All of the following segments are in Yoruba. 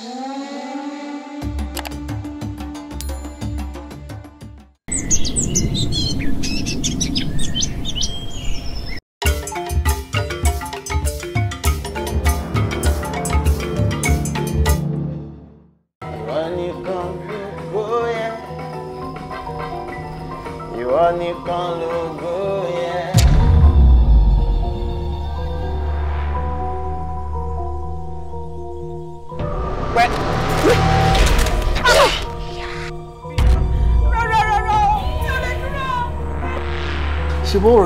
Thank you.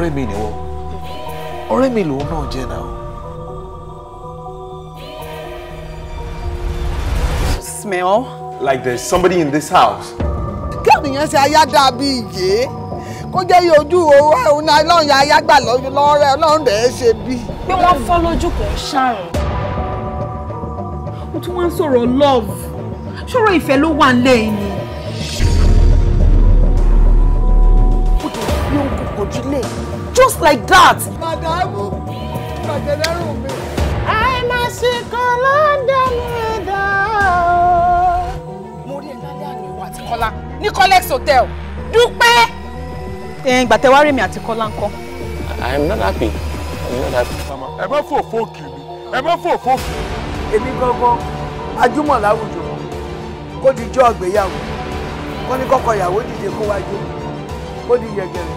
ọ̀rẹ́ mi nìwọ ọ̀rẹ́ mi lòun náà jẹ́ náà. Smell. Like there's somebody in this house. kẹ́niyàn ṣe aya dàbí ìyé kó jẹ́ iye ojú owó ẹ̀hún náà lọ́run yà ayá gbà lọ́rẹ́ ọlọ́run rẹ̀ ṣe bí. pé wọ́n fọ́ lójú kò ń ṣàrùn. mo tún wá ń sọ̀rọ̀ love ṣọ̀rọ̀ ìfẹ́ ló wà nílẹ̀ yìí like that. Màdàmù, gbàgẹ̀dẹ̀rù mi. I'm not happy, dẹnu ìdá o. Mo rí ẹ lálẹ́ àná ìwà àti Kọ́lá ní Colex Hotel. Dúpẹ́. Ìgbà tẹ wá rí mi àti Kọ́lá ńkọ́. I am not happy. I am not happy. Ẹ má fò fóòkì mi. Ẹ má fò fóòkì. Èmi gangan, ajúmọ̀ láwùjọ, kó di jọ́ ọ̀gbéyàwó, kó ní kọ́kọ́ ìyàwó dìde kó wájú, kó di yẹ̀gẹ̀rẹ̀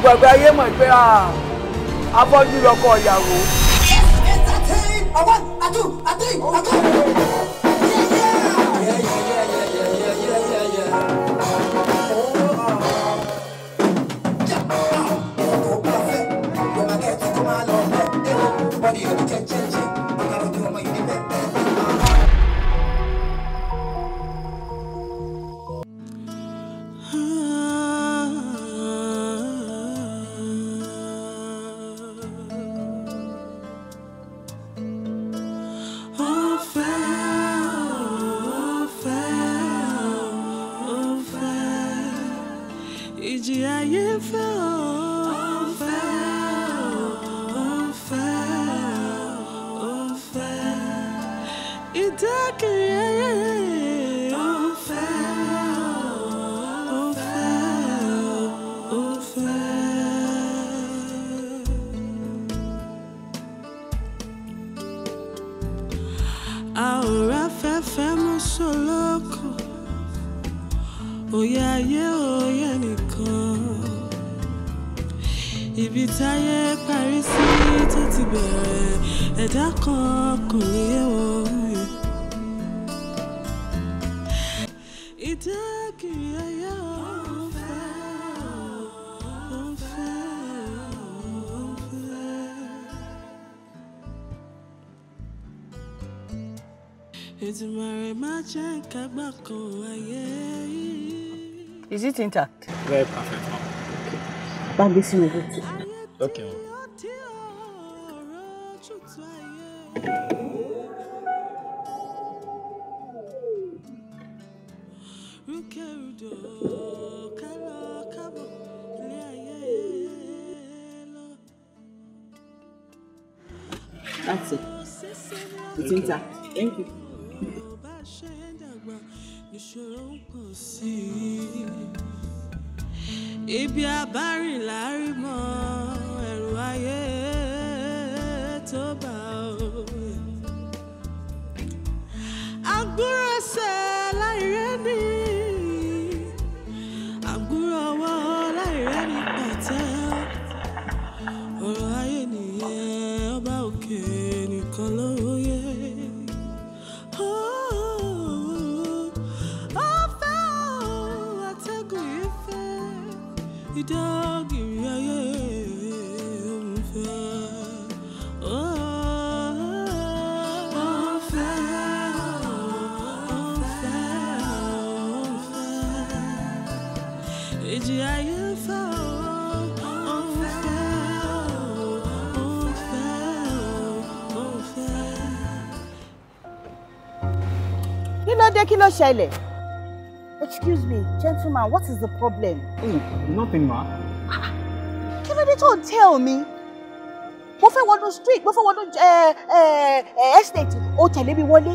gbogbo ayé mọ̀ pé afọ́jú lọkọ ìyàwó. one, two, three, one, two. like yeah. Is it intact? Very perfect, ma'am. Okay. Bambi, see you. Okay, ma'am. That's it. It's intact. Thank you. ibi abárìn lárí mọ́ ẹ̀rù ayé tó bá o. agbóhùn ẹsẹ̀ nìyí. Kílódé kí Excuse me, gentleman, what is the problem? Oh, nothing ma. Kílódé tó ń tell me? Mo fẹ́ wọnú street, mo fẹ́ wọnú eh, eh, eh, estate, o tẹ̀lé mi wọlé.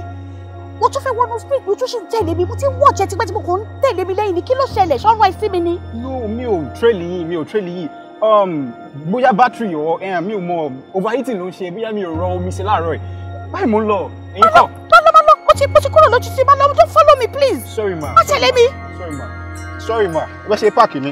Mo tún fẹ́ wọnú street, mo tún ṣì ń tẹ̀lé mi, mo ti ń wọ̀jẹ̀ tipẹ́ tí mo kò ń tẹ̀lé mi lẹ́yìn ni kí ló ṣẹlẹ̀? Ṣọ́nrọ́ ẹ sí mi ni? No, mi ò tírèlì yìí, mi ò tírèlì yìí um, bóyá battery or um, mi ò mọ overheating ló ń ṣe bóyá mi ò rọ omi sí láàárọ̀ yìí báyìí mo ń lọ ẹ̀yin kọ́ ṣe bó ti kúrò lójú sí ma lọ́wọ́ tó follow please. sorry ma. má tẹ̀lé mi. sorry ma sorry ma ẹ bá ṣe páàkì mi.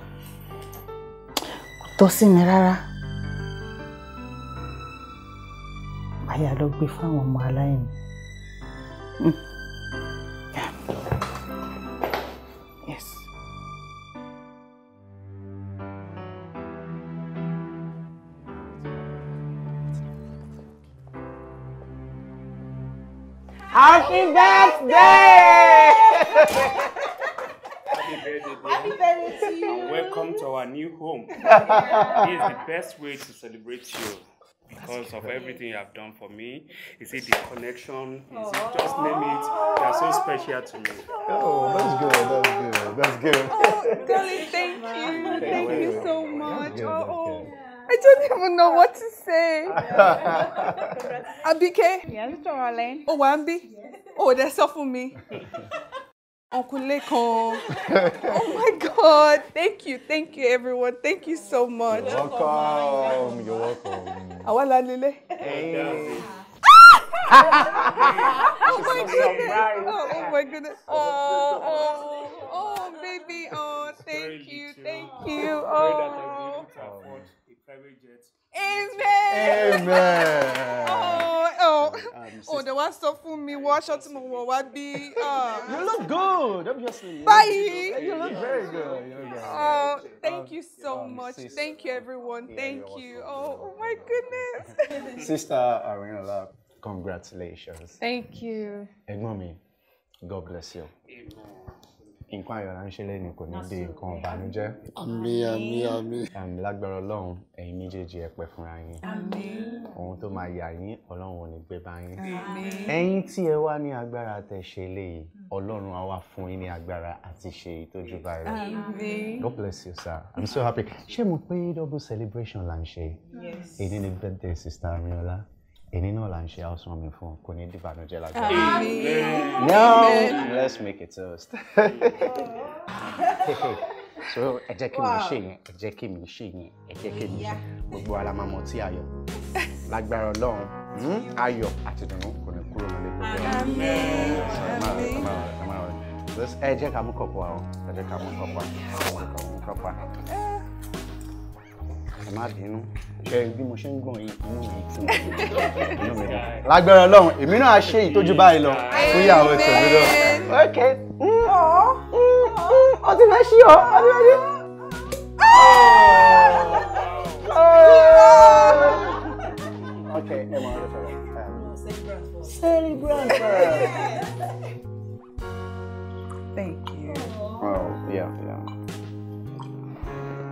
tọ́ sí mi rárá màá lọ gbé fáwọn ọmọ aláìní. Hmm. Happy birthday! the best way to celebrate you because of everything you have done for me. Is it the connection? Is it just name it? They are so special to me. Oh, that's good. That's good. That's good. Oh, Kelly, thank you. Thank you so much. Oh, oh, I don't even know what to say. Abike? Yes, darling. Oh, Wambi? Oh, that's all for me. Uncle Leko. oh my God. Thank you. Thank you, everyone. Thank you so much. You're welcome. You're welcome. Awala Lile. Hey. oh, my goodness. Oh, oh my goodness. Oh, oh, oh, baby. Oh, thank you. Thank you. Oh. Amen. Amen. Oh, the one sọ for me, wọ out tí mo wọ̀ wá you um. look good obviously. Bye. you look very good. You look good. oh thank you so um, much sister. thank you everyone yeah, thank you oh, oh my goodness. sister Arinola congratulations. thank you. And mommy, god bless you. Amen. nǹkan ayọ̀ là ń ṣe lẹ́nu kò ní di nǹkan ìbànújẹ́. àmì àmì àmì. àmì lágbára ọlọ́run ẹ̀yin méjèèjì ẹ pẹ́ fúnra yín. àmín. ohun tó máa yà yín ọlọ́run ò ní gbé bá yín. àmín. ẹ̀yin tí ẹ wá ní agbára tẹ ṣe léyìí ọlọ́run á wá fún yín ní agbára àti ṣe ìtọ́jú báyìí. àmín. God bless you sir I'm so happy. ṣé mo pé double celebration là ń ṣe? yes. èyí ni birthday sister Arinola èyí náà ń ṣe house warming fún kò ní dìbànújẹ́ lágbára. now let's make a toast. so ẹ jẹ́ kí mi ṣe yẹn ẹ jẹ́ kí mi ṣe yẹn ẹ jẹ́ kí mi ṣe gbogbo ara máa mọ̀ tí ayọ̀ lágbára ọlọ́run hmm, ayọ̀ àti dùnú kò ní kúrò nílé gbogbo ẹ̀ ẹ jẹ́ mú kọ̀ọ̀pọ̀ àwọn ẹ jẹ́ ká mú kọ̀ọ̀pọ̀ àwọn ẹ jẹ́ ká mú kọ̀ọ̀pọ̀ àwọn ẹ má bínú ṣe bí mo ṣe ń gbọ̀n yìí inú mi tún inú mi dùn lágbára ọlọ́run èmi náà ṣe ìtọ́jú báyìí lọ fún ìyàwó ètò mi lọ. ok ọ mm, mm, mm, ti fẹ́ ṣí ọ ọ ti fẹ́ ṣí ọ. Ah! ok ẹ mọ ọdọ sọ̀rọ̀. Celebrant. Celebrant.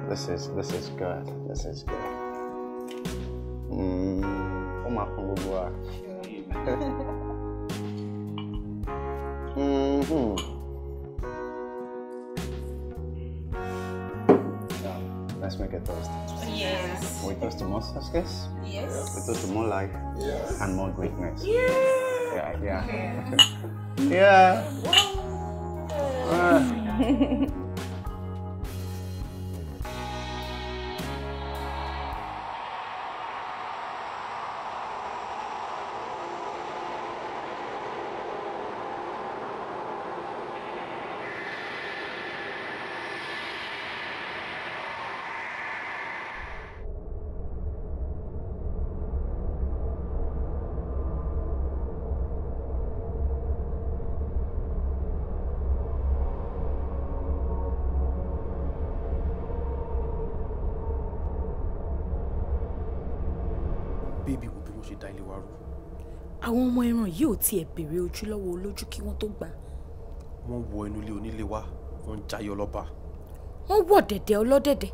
This is this is good. This is good. Mmm. Mm. Oh mm-hmm. Let's make a toast. Yes. We toast to more success. Yes. We toast to more life. Yes. And more greatness. Yeah. Yeah. Yeah. yeah. yeah. yeah. dá ilé wa rú. àwọn ọmọ ẹran yìí ò tiẹ̀ béèrè ojú lọ́wọ́ olójú kí wọ́n tó gbà. wọ́n wọ inú ilé onílé wa wọ́n ń jayé ọlọ́ba. wọ́n wọ̀ dẹ̀dẹ̀ ọlọ́dẹ̀dẹ̀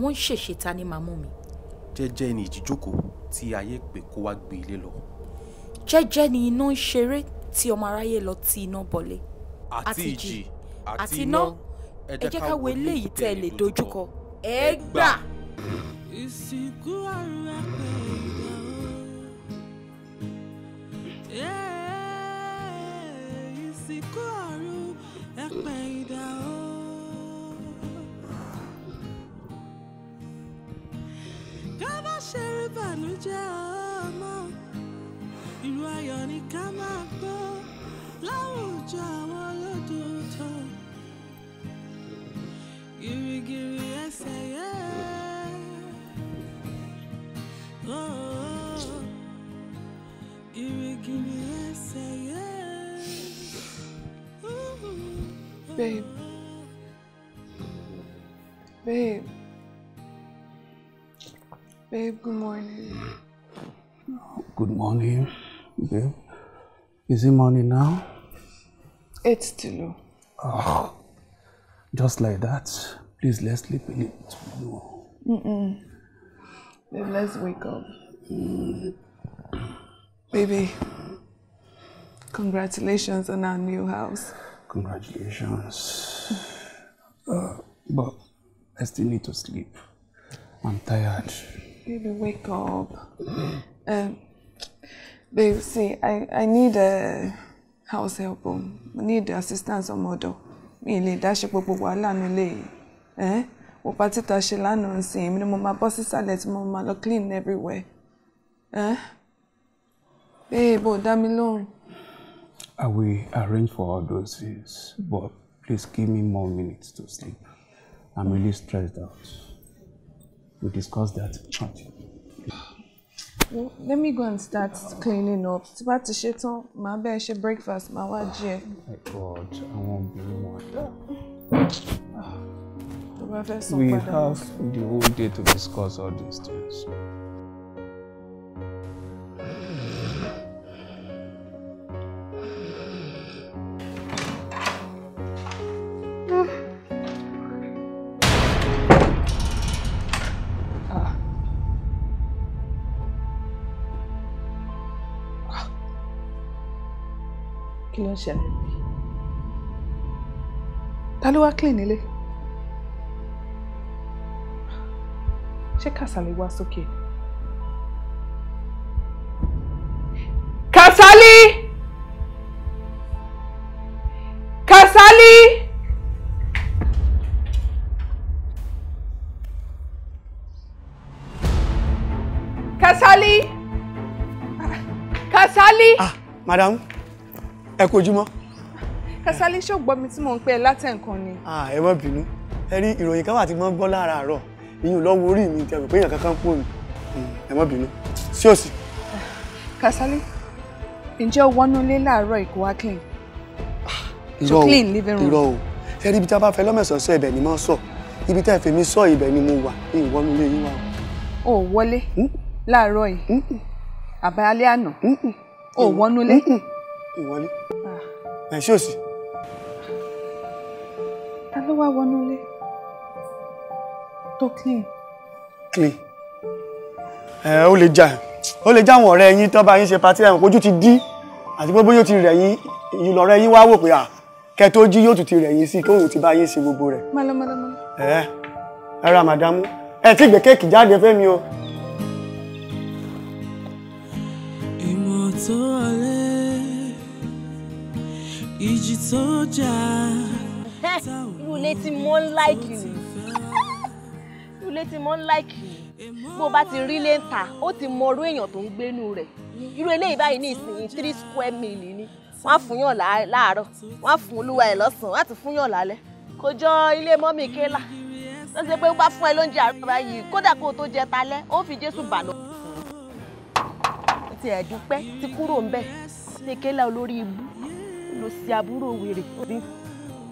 wọ́n ń ṣèṣe ta ni màmú mi. jẹ́jẹ́ ni ìjíjókòó tí ayé pé kó wá gbé ilé lọ. jẹ́jẹ́ ni iná ń ṣeré tí ọmọ aráyé lọ ti iná bọ̀lẹ̀. àti ìjì àti iná ẹ jẹ́ ká wo eléyìí tẹ́ ẹ lè dojúkọ. ẹ gbà. ìsìnkú ọ̀rọ̀ ẹ̀pẹ̀. ikú ọ̀run ẹ̀pẹ̀ ìdá o. ká má ṣe rí bànújẹ́ ọmọ ìlú ayọ̀ ni ká máa gbọ́ láwùjọ àwọn olódodo gírígírí ẹsẹ̀ yẹ. Oh, oh, oh. Gírígírí ẹsẹ̀ yẹ. Babe. Babe. Babe, good morning. Good morning, babe. Is it morning now? It's too low. Oh, just like that. Please, let's sleep a little. Mm-mm. Babe, let's wake up. Mm. Baby, congratulations on our new house. Congratulations. Uh, but I still need to sleep. I'm tired. Baby, wake up. um, babe, see, I, I need a uh, house help. Um, I need the assistance of model. Mi lè dá ṣe gbogbo wàhálà nu Eh? Wo pa títa ṣe lánàá nsìn, èmi ni mo máa bọ́ sísàlẹ̀ mo máa lọ clean everywhere. Eh? Babe, bo dá mi lóhùn. I uh, will arrange for all those things, but please give me more minutes to sleep. I'm really stressed out. We discussed that. let me go and start cleaning up. Tí bá ti ṣe tán, màá bẹ́ẹ̀ ṣe breakfast, my wá My God, I won't be dá. We have the whole day to discuss all these things. ń ṣẹlẹ̀ bí ta ló wá clean nílé ṣé Kàsálí wá sókè Kàsálí Kàsálí. Kasali! Kasali! Ah, madam ẹ kojúmọ́. Kasali ṣé ò gbọ́ mi tí mò ń pẹ́ látẹ̀ nǹkan ni. ẹ má bínú ẹ rí ìròyìn káwà tí mo ń gbọ́ láàárọ̀ ìyún lọ́wọ́ orí mi tẹ̀rù pé èèyàn kankan pò ní hmm, ẹ má bínú sí òsì. Kasali ǹjẹ́ o wọnú ilé láàárọ̀ ìkó wá clean. Ah, to clean living room. irọ́ o ẹ rí ibi tí a bá fẹ́ lọ́mẹ̀sán sọ ibẹ̀ ni mo sọ ibi tá ẹ fẹ́ mi sọ ibẹ̀ ni mo wà ní ìwọnú ilé yín wa. o wọlé hmm? láàárọ̀ yìí hmm? àbálẹ́ àná o wọnú ilé ìwọlé ah. ẹ̀ ṣé òsì. ta ló wá wọnú ilé tó clean. clean ẹ ó lè jà ó lè jà àwọn ọ̀rẹ́ yín tó bá yín ṣe patí ẹ̀wọ̀n ojú ti dí àti pé bóyá ó ti rẹ̀ yín ìlọ̀rẹ́ yín wá wò pé à kẹ tó jí yóò tún ti rẹ̀ yín sí kóhùn ti bá yín ṣe gbogbo rẹ̀. mọ̀lọ́mọ̀lọ́mọ̀. ẹ ẹ ra màdámù ẹ ti gbé kéèkì jáde fẹ́mi o. ìmọ̀ tó wà ìjì tó jà. irú ilé tí mo ń láìkì ni irú tí mo ń láìkì ni bó bá ti rí lé ń ta ó ti mọ orú èèyàn tó ń gbénu rẹ̀ irú eléyìí báyìí ní ìsinyìí three square mil ni wọ́n á fún yàn láàárọ̀ wọ́n á fún olúwa ẹ̀ lọ́sàn-án wọ́n á tún fún yàn lálẹ́ kò jọ ilé mọ́mì kélà lọ́sẹ̀ pé ó bá fún ẹ lóúnjẹ àrùbá yìí kódà kó o tó jẹ talẹ́ ó fi jésù bànú. ti ẹ̀dúpẹ́ ti kúrò ń bẹ̀ ṣe kélà olórí ibú lọ sí àbúrò wèrè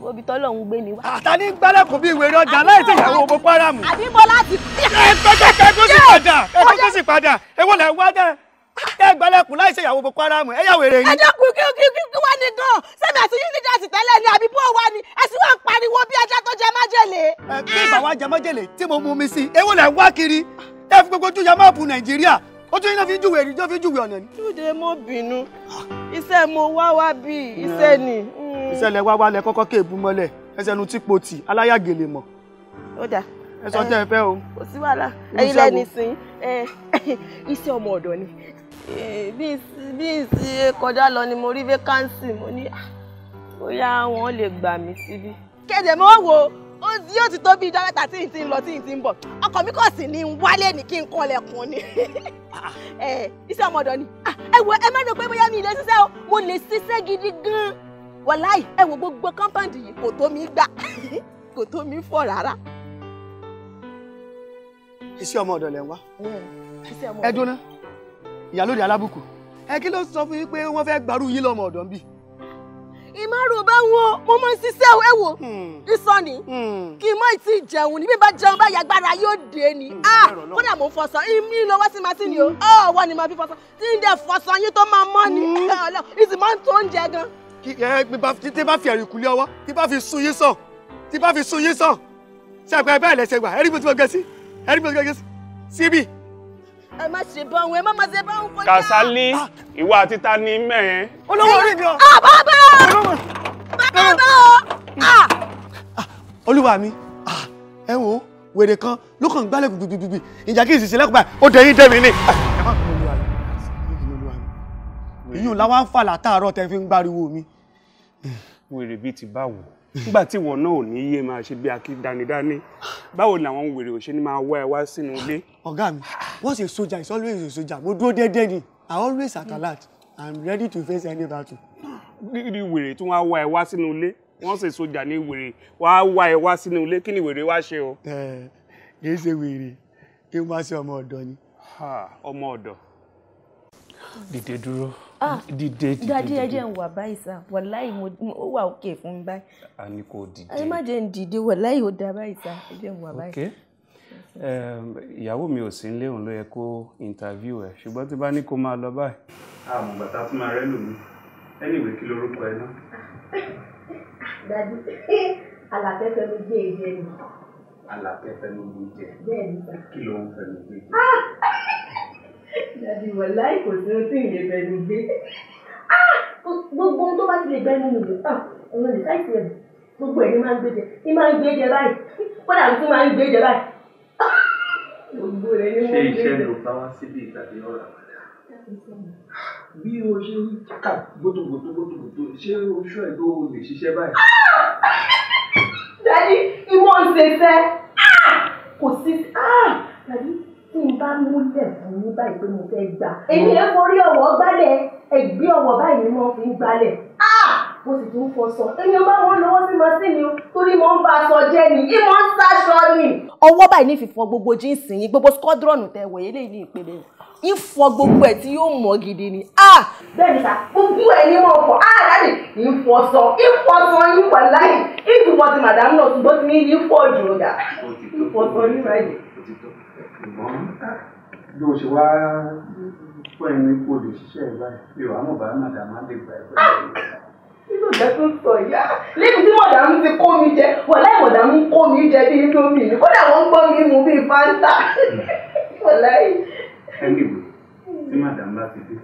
obi tọ́lọ̀ ń gbé ni wá. àtàní ń gbálẹ̀kùn bí ìwé ọjà láì tí ìyàwó òbó páràmù. àbíbọ láti. ẹ gbẹgbẹ kẹgún sí padà kẹgún sí padà ewo lẹ wá dẹ ẹ gbálẹ̀kùn láì sí ìyàwó òbó páràmù ẹ yà wèrè yín. ẹ dẹ́kun kí kí kí wá ní gan sẹmi àti yín ti dàsí ni àbí bó wà ní ẹ sì wọn pariwo bí ajá tó jẹ májèlé. ẹ kí ìbáwá jẹ májèlé tí mo mú mi sí ewo lẹ wá kiri ẹ fi gbogbo ojú ya máàpù nàìjíríà ojú yín náà fi júwèé rí jọ́ fi júwèé ọ̀nà ni. túnde mo bínú iṣẹ́ mo wá wá bí iṣẹ́ ni. Hmm. iṣẹ́ lẹ wá wá lẹ kọ́kọ́ kéèbú mọ́lẹ̀ ẹsẹ̀ nu tí po tì aláyàgèlè mọ̀. ó dà ẹ sọ tẹ ẹ fẹ o. kò sí wàhálà ẹyin lẹni sin iṣẹ́ ọmọ ọ̀dọ̀ ni bí ìsì kọjá lọ ni mo rí vacancy mo ní ah, bóyá wọn lè gbà mí síbí. kéde mo wò ó yóò ti tó bí ijọ́ mẹ́ta tí n ti ń lọ tí n ti ń bọ̀ ọkọ mi kò sì ní wálé ní kí n kọlẹ̀kùn ni eh, iṣẹ́ ọmọdọ̀ ni ah, ẹ wo ẹ má rò pé bóyá mi lè ṣiṣẹ́ o mo lè ṣiṣẹ́ gidi gan-an wàláì ẹ wo gbogbo kọ́ńpáǹdì yìí kò tó mi gbà kò tó mi fọ̀ rárá. iṣẹ́ ọmọdọ̀ lẹ̀ ń wá hmm, ẹ dúná ìyálóde alábùkù ẹ kí ló sọ fún yín pé wọ́n fẹ́ gbarú yín lọ́mọ ọ̀dọ̀ ń bì ìmárù bá wọn mo máa ń ṣiṣẹ́ ẹ wò hmm. ìsọ̀nì hmm. kì í mọ̀ ìtì jẹun ní bí bá jẹun bá yàgbára yóò dé ni hmm, ah, kódà mo fọṣọ ìmí lọ́wọ́ sí màá sí ni o ọwọ́ oh, ni màá fi fọṣọ tí ń dẹ̀ fọṣọ yín tó máa mọ́ ni ìsì máa ń tó oúnjẹ gan. tí bá fi ẹ̀rìnkù lé ọwọ́ tí bá fi sun yín sàn tí bá fi sun yín sàn ṣàgbà bẹ́ẹ̀ lẹ́sẹ̀ gbà ẹ̀rí mi tí mo gẹ sí ẹ̀rí mi tí mo gẹ sí síbí ẹ má ṣe bá òun ẹ má má ṣe bá òun kọjá. Kàsálí ah. ìwà àti ta ni mẹ́rin. olówó orí mi ọ. Ah, bàbá bàbá ọ. Ah. olúwa mi ẹ wo wèrè kan ló kàn ń gbálẹ̀ gbùgbùgbùgbù ìjà kí ìṣiṣẹ́ lẹ́kọ̀ọ́ báyìí ó dẹ̀yìn dẹ̀mí ni. ìyún làwọn ń fà látàárọ̀ tẹ́ fi ń gbáriwo mi. wèrè bíi ti báwo nígbà tí ìwọ náà ò ní yé máa ṣe bí akídánidání báwo ni àwọn wèrè òṣèlú máa wá ẹ wá sínú ilé. ọ̀gá mi once a soldier it's always a soldier mo dúró déédéé ni i always at alert i'm ready to face any battle. níbi wèrè tí wọ́n á wá ẹ wá sínú ilé wọ́n ṣe sójà ní wèrè wọ́n á wá ẹ wá sínú ilé kí ni wèrè wá ṣe o. ẹ kì í ṣe wèrè kí n wá sí ọmọ ọ̀dọ̀ ni. ọmọ ọ̀dọ̀ dìde dúró. Ah, dìde dìde dadi ẹ jẹ́ n wà báyìí sá wàláì mo ó wà òkè fún mi báyìí. a ní kò dìde ẹ má jẹ́ n dìde wàláì ó da báyìí sá ẹ jẹ́ n wà báyìí. ok ìyàwó mi ò sí nílé òun ló yẹ kó interview ẹ ṣùgbọ́n tí bá ní kó máa lọ báyìí. àmọ́ bàtà tún máa rẹ́ lù mí anyway kí lorúkọ ẹ náà. dadi alàfẹ́fẹ́ ló gbé e jẹ ni. alàfẹ́fẹ́ ló gbé e jẹ. bẹ́ẹ̀ kí ló ń fẹ́ jẹ. dàbí wà láì kò sí ohun tí ì lè bẹnu gbé gbogbo ohun tó bá ti lè bẹnu mi lè tàn òun lè sáìtì rẹ gbogbo ẹ̀ ní máa ń gbé jẹ ní máa ń gbé jẹ báyìí kódà tún máa ń gbé jẹ báyìí gbogbo rẹ ní wọ́n gbé jẹ. ṣé iṣẹ́ ló bá wá síbi ìtàgé ọ̀rọ̀ àbàdà? bí o ṣe ń kà gbótógbótó gbótógbótó ṣé oṣù ẹ̀ ló lè ṣiṣẹ́ báyìí? dàdí ìmọ̀ ń fẹ́ ah! kò sí ah! tí n bá múlẹ̀ fún yín báyìí pé mo fẹ́ gbà. èmi ẹ forí ọwọ́ gbálẹ̀ ẹgbẹ́ ọwọ́ báyìí ni wọ́n fi ń gbálẹ̀. mo sì tún fọṣọ èmi ọba wọn lọ́wọ́ sí masínì torí mo ń bá aṣọ jẹ́ ni ìmọ̀ ń sáṣọ ni. ọwọ́ báyìí ní fífọ gbogbo jíǹsì yín gbogbo skọ́dúrọ̀nù tẹ wọ̀ yẹn léyìn ní ìpele ìfọ gbogbo ẹ̀ tí yóò mọ̀ gidi ni. bẹ́ẹ̀ni sá gbogbo ẹ̀ ni mo fọ àdáni ìfọsọ ìfọsọ yín wà láyé ìtumọ̀ ti màdàmú náà ṣùgbọ́n ti ní ìfọ̀jù ọ̀dà ìfọsọ yín ṣùgbọ́n bí o ṣe wá fún ẹni kó lè ṣiṣẹ́ ẹ̀ báyìí mi ò àmọ̀ bá màdàmá lè gbà ẹ̀ pẹ̀lú nínú ìjẹ́ tó ń sọ ìyá ah, lẹ́yìn tí mọ̀dàmú ti kó mi jẹ wọ̀lẹ́ mọ̀dàmú kó mi jẹ bí inú mi ní kódà wọ́n ń gbọ́ mi mú bí fanta wọ̀lẹ́ yìí. ẹnìwé tí màdàmú bá ti dé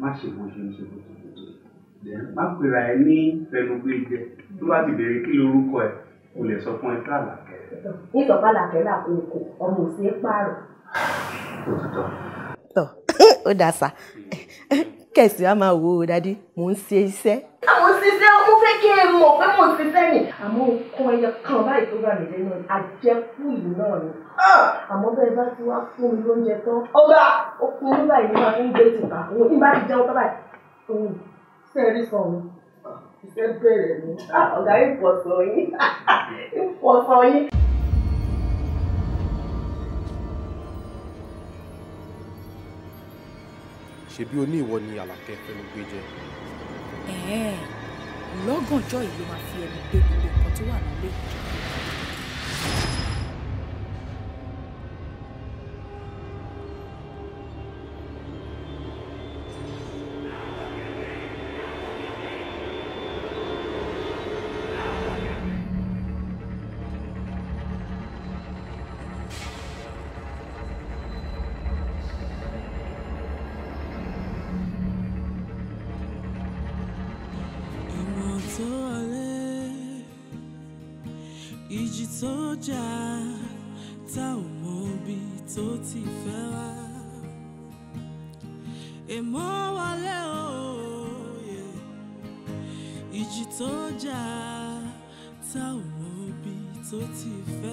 má ṣe bó ṣe ń ṣe bó ṣe bó ṣe má pera ẹ ní fẹnugbé jẹ tó bá ti bèrè kí lorúkọ ẹ kò lè sọ fún ẹ tààlà nítọ́pàlà kẹ́lá kòkò ọmọ ò sí pààrọ̀. tọ ó dà sá kẹsì á máa wo dadi mò ń ṣe iṣẹ́. àwọn ṣiṣẹ́ mo fẹ́ kí ẹ mọ̀ pé mo ṣiṣẹ́ yìí àmọ́ nǹkan ẹyọ kan báyìí tó bá mi lẹ́nu àjẹkù yìí náà ni. àmọ́ bẹ́ẹ̀ bá ti wá fún mi lóúnjẹ tán. ọba okun nígbà yìí máa ń gbé tìǹkà fún mi bá ti jẹun tó báyìí. sẹ́ẹ̀rì sàn mi iṣẹ́ bẹ̀rẹ̀ ni ah, ọ̀gá ìfọ̀sọ̀ yín ìfọ̀sọ̀ yín. ṣebí o ní ìwọ ni àlàkẹ́ fẹnu gbé jẹ. lọ́gànjọ́ yìí ló máa fi ẹnu gbé gbogbo nǹkan tó wà nílé ìjọba. sọ́jà tá ò mọ ibi tó ti fẹ́ wá. èmọ́ wọlé òòyè ìjì tó jà tá ò mọ ibi tó ti fẹ́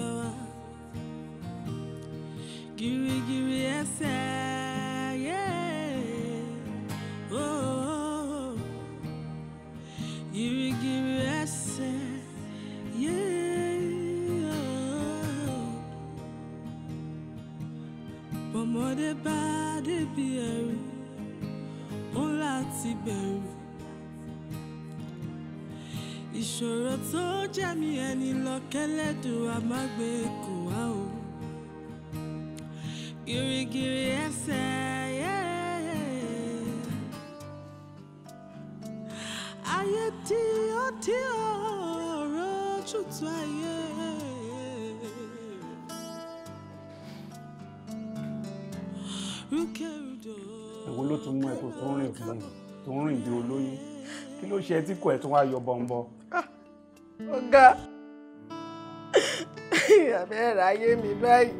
tó jẹ̀mí ẹni lọ kẹ́lẹ́dùn àmágbé kò wá o gírígírí ẹsẹ̀ ayé tí ó tí ọ̀rọ̀ ojútùú ayé. èwo ló tún mú ẹ tó tó ń rìn tó ń rìn di olóyún kí ló ṣe tí kò ẹ tó wá yọ bọ̀ǹbọ̀ ga àbẹ́ ráyé mi báyìí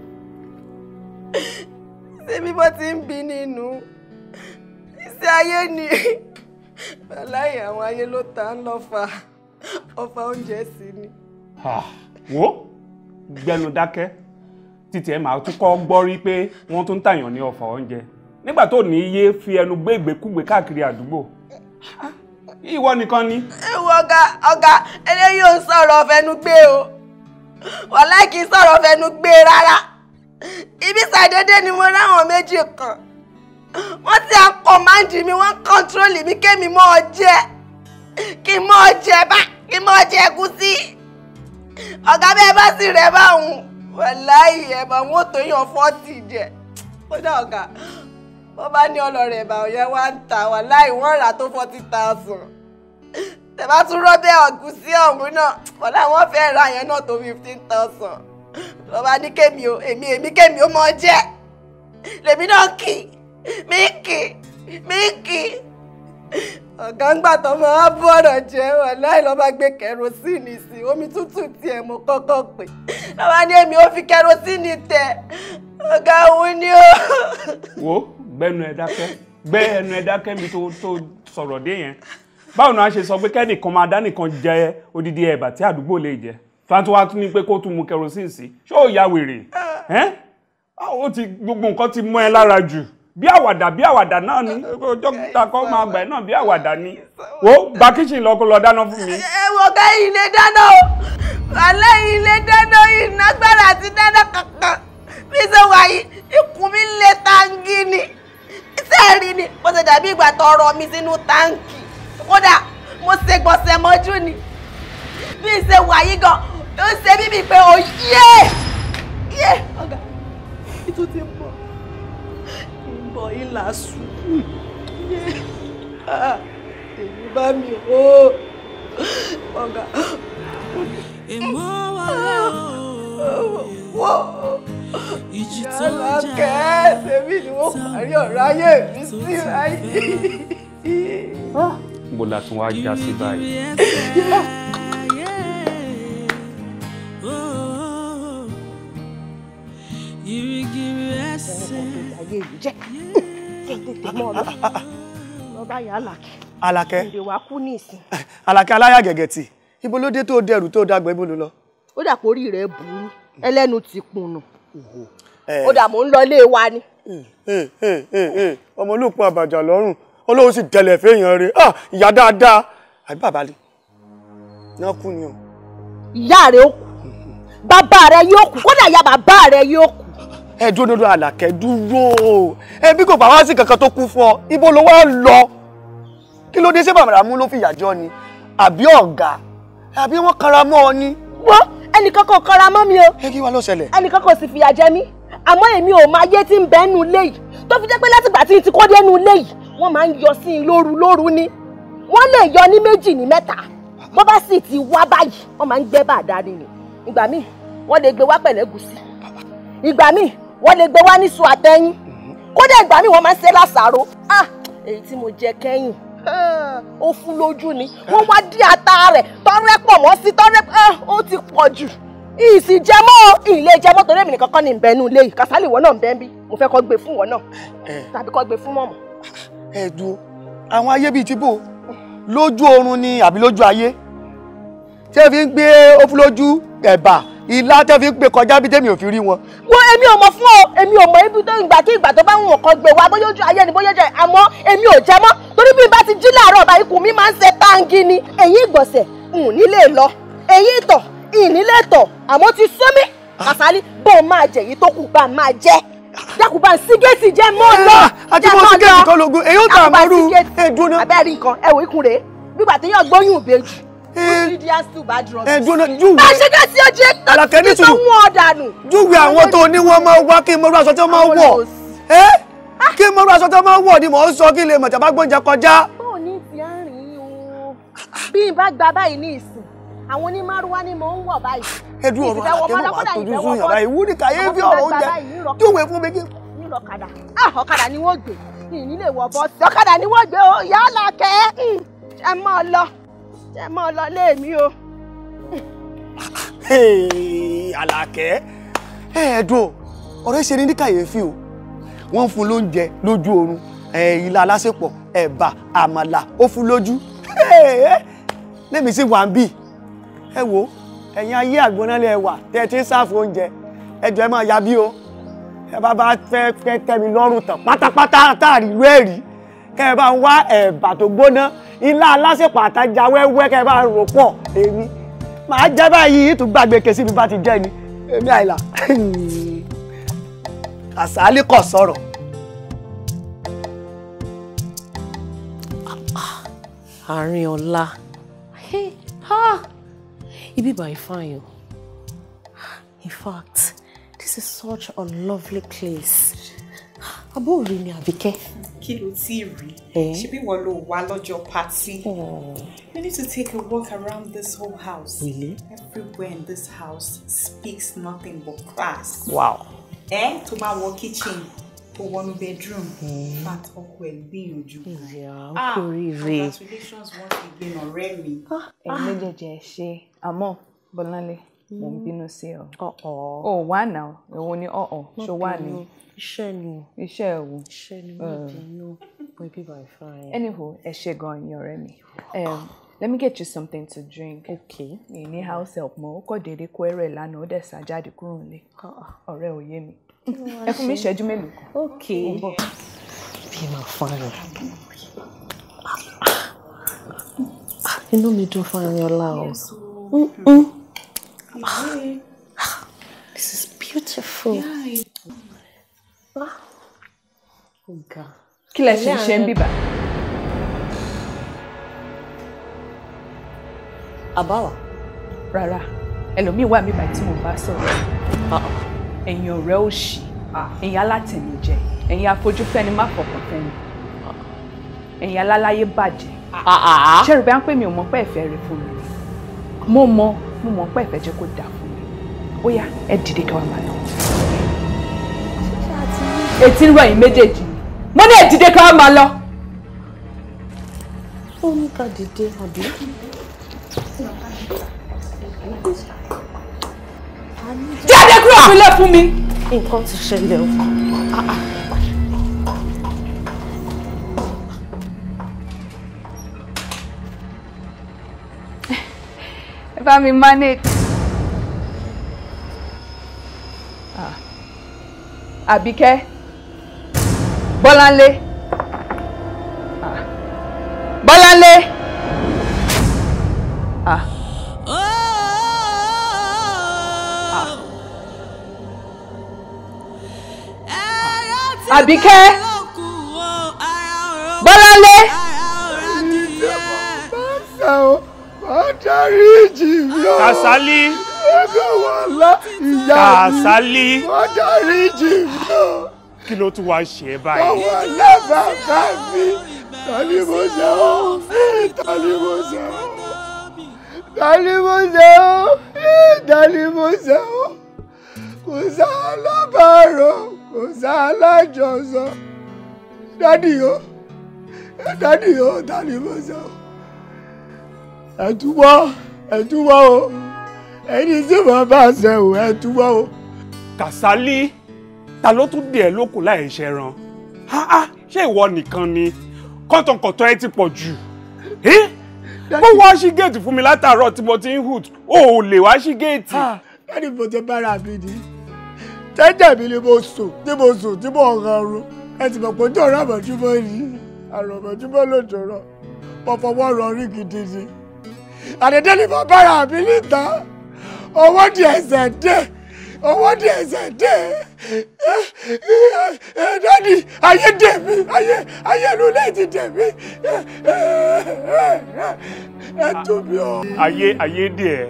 ṣé bí bọ́ ti ń bí nínú iṣẹ́ ayé ni aláì àwọn ayé ló ta ń lọ́fà ọfà oúnjẹ sí ni. wo gbẹnu dákẹ́ títí ẹ máa tún kọ́ gbọ́ rí pé wọ́n tún ń tàyàn ní ọfà oúnjẹ nígbà tó ní yé fi ẹnu gbé ìgbékúgbé káàkiri àdúgbò. ìwọ nìkan ni. ewu ọ̀gá ọ̀gá eléyìí ò sọ̀rọ̀ ọ̀fẹ́nu gbé o wàhálà kì í sọ̀rọ̀ ọ̀fẹ́nu gbé rárá ibi ṣàdédé ni mo ráwọn méjì kan wọ́n ti à kọ̀máǹdì mi wọ́n kọ́ńtírólì mi kémi mọ́ ọ jẹ́ kí mọ́ ọ jẹ́ bá kí mọ́ ọ jẹ́ ẹ̀gúsí ọ̀gá bẹ́ẹ̀ bá sì rẹ̀ báwọn wàhálà ìyẹ̀bọ̀ wọn ò tó yàn fọ́ọ̀tì jẹ́ kódà ọ̀gá bó bá ní ọlọ́rẹ̀ ìbàwọ̀ yẹn wá ń ta wà láì wọ́n rà tó forty thousand tẹ̀bá tún rọ́bẹ̀ ọ̀gùn sí ọ̀hún náà wọ́n láwọn fẹ́ ra yẹn náà tó fifteen thousand ló bá ní kémi o èmi èmi kémi o mọ jẹ́ lèmi náà kì mí kì mí kì ọ̀gá ń gbà tó mọ á bú ọ̀rọ̀ jẹ́ wọ́n láì lọ́ bá gbé kẹrosíìnì sí omi tútù tiẹ̀ mo kọ́kọ́ pè ló bá ní èmi ó fi kẹrosíìnì tẹ̀ ọ̀gá òun ni ó. wo gbẹ́nu ẹ̀ dákẹ́ gbẹ́ ẹnu ẹ̀ dákẹ́ mi tó tó sọ̀rọ̀ dé yẹn báwo ni wọ́n ṣe sọ pé kẹ́nìkan máa dánìkan jẹ odidi ẹ̀bà tí àdúgbò lè jẹ fàtí wàá tún ní pé kó tún mu kerosene sí ṣé ó ya wèrè ẹ́ ó ti gbogbo nǹkan ti mọ́ ẹ lára jù bí àwàdà bí àwàdà náà ni ọjọ́ kíta kọ́ máa gbà ẹ́ náà bí àwàdà ni wò ó gba kíchìn lọ kó lọ dáná fún mi. ẹ wò kẹ́yìn lè dáná o alẹ́ yìí dáná yìí nágbára àti dáná kankan bí sọ wáyé ikùn mi lè tangi ni sẹ́ẹ̀rì ni mo ṣe dàbí ìgbà tọrọ mi sínú táǹkì kódà mo ṣe gbọ̀nsẹ̀ mọ́jú ni bí n ṣe wà yí gan ó ṣe bíbí pé ó yé yé ọ̀gá ìtú ti ń bọ̀ ń bọ̀ ìlà sùn yé èyí bá mi ó ọ̀gá. èmo wà lọ́wọ́ wọ́n yàrá kẹ́ ṣèbí ni wọ́n parí ọ̀rọ̀ ayé mi sí láyé. Ah. mo la tún wá já sí báyìí. Oh. Àlàkẹ́ Àlàkẹ́ aláyà gẹ̀gẹ̀ tì ibo ló dé tó dẹrù tó dàgbà ibo ló lọ ó dà pé orí rẹ̀ burú ẹlẹ́nu ti kùnà ó eh. dà mò ń lọ ilé wa ni. Hmm, hmm, hmm, ọmọ olóòpọ̀ àbàjá lọ́rùn ọlọ́run sì tẹ̀lẹ̀ fẹ́yàn rẹ̀ ah, ìyá dáadáa àbí bàbá rẹ̀ náà kú ni o. ìyá rẹ̀ ó kú bàbá rẹ̀ yóò kú kódà ìyá bàbá rẹ̀ yóò kú. ẹ dúró lórí àlàkẹ́ dúró ẹbí kò bá wá sí kankan tó kú fún ọ ibo ló wá lọ kí ló dé sí bàbá mú ló fi ìyà jọ ni àbí ọ̀gá àbí wọ́n kara mọ́ ọ ni wo ẹnìkan kò kanra mọ́ mi o. ẹ kí wàá ló ṣẹlẹ̀. ẹnìkan kò sì fìyà jẹ mí àmọ́ èmi ò máa yé tí ń bẹ́ nu ilé yìí tó fi jẹ́ pé látìgbà tí n ti kó dénú ilé yìí wọ́n máa ń yọ sí i lóru lóru ni wọ́n lè yọ ní méjì ní mẹ́ta bó bá sì ti wá báyìí wọ́n máa ń gbẹ́ bàdá ni ni ìgbà míì wọ́n lè gbé wá pẹ̀lẹ́gùsì ìgbà míì wọ́n lè gbé wá ní sùn àtẹ́yìn kódà ìgbà míì wọ́n máa ń ṣe lásàrò ah èyí tí mo jẹ kẹ́yìn ó fún lójú ni wọ́n wá dí ata rẹ̀ tọ́rẹ́ pọ̀ mọ́ sí tọ́rẹ́ eh, ó ti pọ̀ jù ìsì jẹmọ́ ìlé jẹmọ́ torí èmi nìkan kọ́ ni ìbẹ́nu ilé yìí kàsálì ìwọ náà ń bẹ́ ń bí mo fẹ́ kó gbé fún ìwọ náà eh. tàbí kó gbé fún mọ̀mọ́. ẹ eh, àwọn ayé bíi tíbò lójú oorun ni àbí lójú ayé tí ẹ fi ń gbé ó fún lójú ẹ̀bà ìlà tẹ́ fi gbé kọjá bí tẹ́mi ò fi rí wọn. wo èmi ò mọ̀ fún ọ èmi ò mọ̀ ibi tó ìgbà kí ìgbà tó bá wọn kan gbé wa bóyá ojú ayé ni bóyá jẹ àmọ́ èmi ò jẹ mọ́ torí bí n bá ti jí láàárọ̀ ọba ikùn mi máa ń ṣe táǹgì ni èyí ìgbọ̀nsẹ̀ n nílé lọ èyí ìtọ̀ n tọ̀ àmọ́ ti sómi ah. àsálí bó o máa jẹ èyí tó kù bá máa jẹ dákùbà sígẹ́ẹ̀tì jẹ́ mọ́ lọ ah, àti mọ́ sígẹ́ẹ̀tì kan lógún èyí ó tà abẹ́rẹ́ nǹkan ẹ̀wọ̀ ikùn rèé bí Eh. Eh, Àlàkẹ́ ní sùúrù júwe àwọn tó ní wọ́n máa wá kí mọ́rú aṣọ tí wọ́n máa wọ̀ eh? ah. kí mọ́rú aṣọ tí wọ́n máa wọ̀ ni mò ń sọ kí lè mọ̀tàbá gbọ́njẹ kọjá. bọ́ọ̀ ní ti àárín o bí n bá gba báyìí ní ìsìn àwọn onímọ̀rúwá ni mò ń wọ̀ báyìí. ẹ ọ̀rọ̀ Àlàkẹ́ mọ̀ wá tójú sún yàrá ìwúrí kàyéfì ọ̀rọ̀ oúnjẹ júwe fún mi kí ọ̀kadà ọ̀kadà ah, ọ̀kadà ni wọ́n gbé ó yálà kẹ́ ẹ jẹ́ mọ́ lọlé mi o. Àlàkẹ́ ẹ̀ẹ́dùn ọ̀rẹ́ ṣe ní ní kàyéfì o wọ́n fún lóúnjẹ lójú oorun ilá alásèpọ̀ ẹ̀bà àmàlà ó fún lójú lẹ́mi sí wà ń bì ẹ wo ẹ̀yin ayé àgbọ̀nálẹ̀ wà tẹ́ ẹ ti ń sáfù oúnjẹ ẹjọ́ ẹ máa ya bí o ẹ bá bá fẹ́ fẹ́ tẹ́ mi lọ́rùn tán pátápátá táàrí ìlú kẹ́ ẹ bá ń wá ẹ̀bà tó gbóná ilá alásèpọ̀ àtajà wẹ́wẹ́ kẹ́ ẹ bá ń rò pọ̀ èmi màá jẹ́ báyìí tún gbàgbé kèsì mi bá ti jẹ́ ni èmi àìlà àsálì kọ̀ sọ̀rọ̀. àárín ọ̀la ibi bàí fáyọ̀ in fact this is such a lovely place abóòrí ni àbíkẹ́ kí ló ti rí ṣebí wọ́n ló wá lọ́jọ́ pátí you need to take a walk around this whole house really? everywhere in this house speaks nothing but class wow Eh, to bá wọ kitchen tó one bedroom fat ọkọ ẹ gbìyànjú ah congratulations once again ọ̀rẹ́ mi. Ah, ẹ ah. méjèèjì ẹ ṣe àmọ́ Bọ́láńlé mo ń mm. bínú sí ọ ọ oh, wà náà èwo ni ọ ọ ṣó wà ní iṣẹ́ ni o. iṣẹ́ ẹ wo. iṣẹ́ ni mo bí inú mo fine. anywho ẹ ṣe gan ni ọ̀rẹ́ mi. Um, let me get you something to drink. okay. mi ní house help mo ó kọ́ déédéé kó ẹrẹ̀ lánàá ó dẹ̀ sá jáde kúrò nílé. Ah. ọ̀rẹ́ ò yé mi. ẹ fún mi ìṣẹ́jú mélòó kan. okay. bí my fine. inú mi dùn fún Arinola o. this is beautiful. Yeah, kí lẹ ṣe ń ṣe ń bíbà. àbáwá. rárá ẹlòmíín wà níbàá tí mo bá sọ̀rọ̀ uh-uh. ẹ̀yin ọ̀rẹ́ òṣì ah, ẹ̀yin alátẹnujẹ ẹ̀yin afojúfẹ́ni má fọkàn fẹ́ni uh-uh. ẹ̀yin alálàyé bàjẹ́ uh-uh. ṣẹ́rù bá ń pè mí ò mọ̀ pé ẹ̀fẹ́ rẹ̀ fún mi mo mọ̀ mo mọ̀ pé ẹ̀fẹ́ jẹ́ kó dà fún mi ó yá ẹ dìde káwá máa lọ etí ń rọ yín méjèèjì mo ní èdìdé ká máa lọ. ó ní ká dìde àbí. jáde kúrò sílẹ̀ fún mi. nǹkan ti ṣẹlẹ̀ o. ẹ bá mi manage. Ah. Àbíkẹ́. Bọ́láńlé Bọ́láńlé Àbíkẹ́ Bọ́láńlé. Ọ̀darí ìjì mi ò. Kàsálí. Ẹgbẹ́ wàhálà ìyá mi. Kàsálí. Ọ̀darí ìjì mi ò kí ló tún wá ṣe ẹ báyìí. ọwọ́ alábàbà mi tani mo ṣe ó tani mo ṣe ó tani mo ṣe ó tani mo ṣe ó kò sá alábàárò kò sá alájọsọ dádì o dádì o tani mo ṣe ó ẹ̀túwọ́ ẹ̀túwọ́ o ẹni tí mo bá ṣe ò ẹ̀túwọ́ o. Kàsálí ta ló tún dé ẹ lóko láì ṣe ran ṣé ìwọ nìkan ni kọ́tọ̀kọ̀tọ̀ ẹ ti pọ̀ jù mo wá sí géètì fún mi látàárọ̀ tí mo ti ń hùt o ò lè wá sí géètì. dáàdì mo ti bára mi ni jẹ́jẹ́ mi ni mo sùn tí mo sùn tí mo rọrùn ẹ ti mọ̀ pé ojú ọ̀rọ̀ àmọ̀júmọ́ yìí àrọ̀mọ̀júmọ́ lòdòrọ̀ mo fọwọ́ rọrí gidi ni àdédé ni mo bára mi níta owó di ẹsẹ̀ dé owó di ẹsẹ̀ dé dádì ayé dẹ̀mí ayé Are you lè ti dẹ̀mí ẹ tóbi ọ. ayé ayé dẹ̀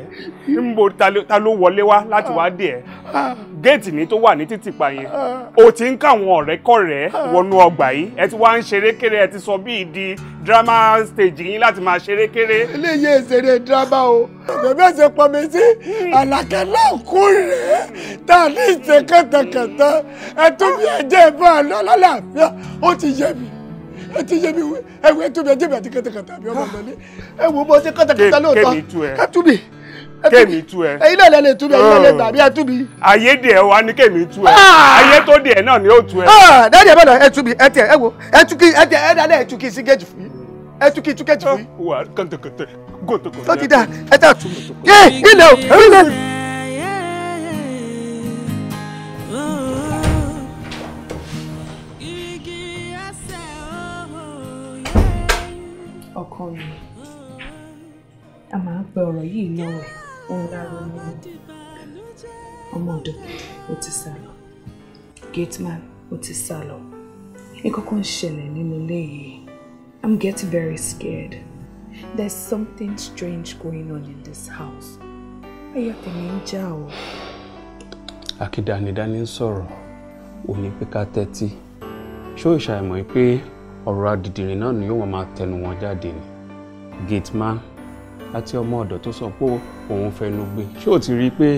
ẹ́ ń bo ta ló wọlé wá láti wá dẹ̀ ẹ́ géètì ní tó wà ní títì pa yẹn o ti ń káwọn ọ̀rẹ́kọ̀rẹ́ wọnú ọgbà yìí ẹ ti wá ń ṣerékeré ẹ ti sọ bíi di drama stage yín láti máa ṣerékeré. eléyìí ìṣeré drama o bẹ̀rẹ̀ ṣe pọ̀ mi sí àlàkẹ́ náà kú rèé tá a ní ìṣe kẹ́tẹ̀kẹ́ tán ẹ tún bí ẹ̀jẹ̀ ìbọn àlọ́ lálàáfíà ó ti yé mi ẹ ti yé mi ẹwọ ẹ tún bí mi àti kẹtẹkẹtẹ mi ọmọ mi ẹ wò bó ṣe lóòótọ́ ẹ tún bí kẹ́mi ẹ. ẹyin náà lẹ́lẹ̀ tú mi ẹyin náà gbà bí ẹ tú mi. ayé dè ẹ wa ni kẹ́mi tú ẹ ayé tó dè ẹ náà ni ó tú ẹ. Ah! dáàdi ẹ bá lọ ẹ tú mi ẹ tẹ ẹ wo ẹ tú kí ẹ tẹ ẹ dáná ẹ tú kí sí géèjì fún mi ẹ tú kí tú géèjì fún mi. wà á kàntàkàntà tó ti da ẹ tà tú mi. ilé o ilé. ọkọ mi a máa ń pe ọ̀rọ̀ yìí lọ́wọ́ òun lára omi ọmọ ọ̀dọ̀ ó ti sá lọ gateman ó ti sá lọ ìkọ̀kọ̀ ń ṣẹlẹ̀ nínú ilé yìí I'm getting very scared there's something strange going on in this house ẹ̀yà tèmi ń já o. akídanidani ń sọ̀rọ̀ òní pé ká tẹ́tí ṣó ìṣàìmọ̀ pé ọ̀rọ̀ adìdìrín náà ni yóò máa tẹnu wọn jáde ni gate man àti ọmọ ọ̀dọ̀ tó sọ pé òun fẹnu gbé ṣé ò ti rí i pé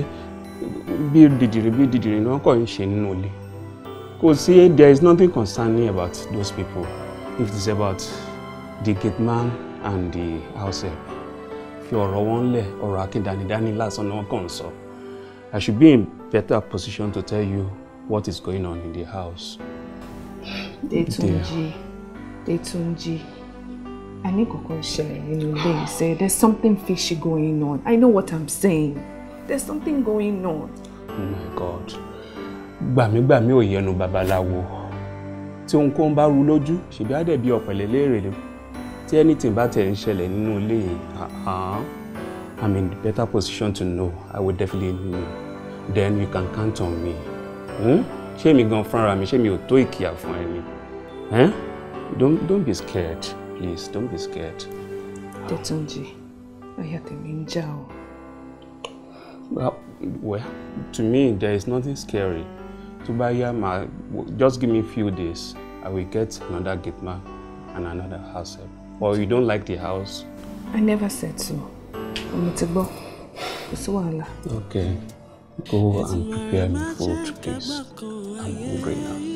bí dìdìrì bí dìdìrì ni wọ́n kàn ń ṣe nínú ilé kò sí there is nothing concerning about those people if it is about the gate man and the house help fi ọ̀rọ̀ wọn lẹ̀ ọ̀rọ̀ akíndanidání lásán ni wọ́n kàn ń sọ I should be in better position to tell you what is going on in the house. Detunji, Detunji. I need to Shelley, you know, they say there's something fishy going on. I know what I'm saying. There's something going on. Oh my God. Gbàmígbàmí ò yẹnu babaláwo. Tí ohun kó ń bá ru lójú, ṣèbí á dẹ̀ bí ọ̀pẹ̀lẹ̀ léèrè lé. Tí anything bá tẹ̀ ń ṣẹlẹ̀ nínú ilé yìí, uh-huh. I'm in a better position to know. I will definitely know. Then you can count on me. Hmm? Ṣé mi gan fúnra mi? Ṣé mi ò tó ìkìyà fún ẹni? Don't be scared. Please, don't be scared. Tetunji, Oya Teminjao. Well, well, to me, there is nothing scary. Tubayama, just give me a few days. I will get another gate man and another house help. Or you don't like the house? I never said so. I'm a a Okay. Go and prepare me food, please. I'm hungry now.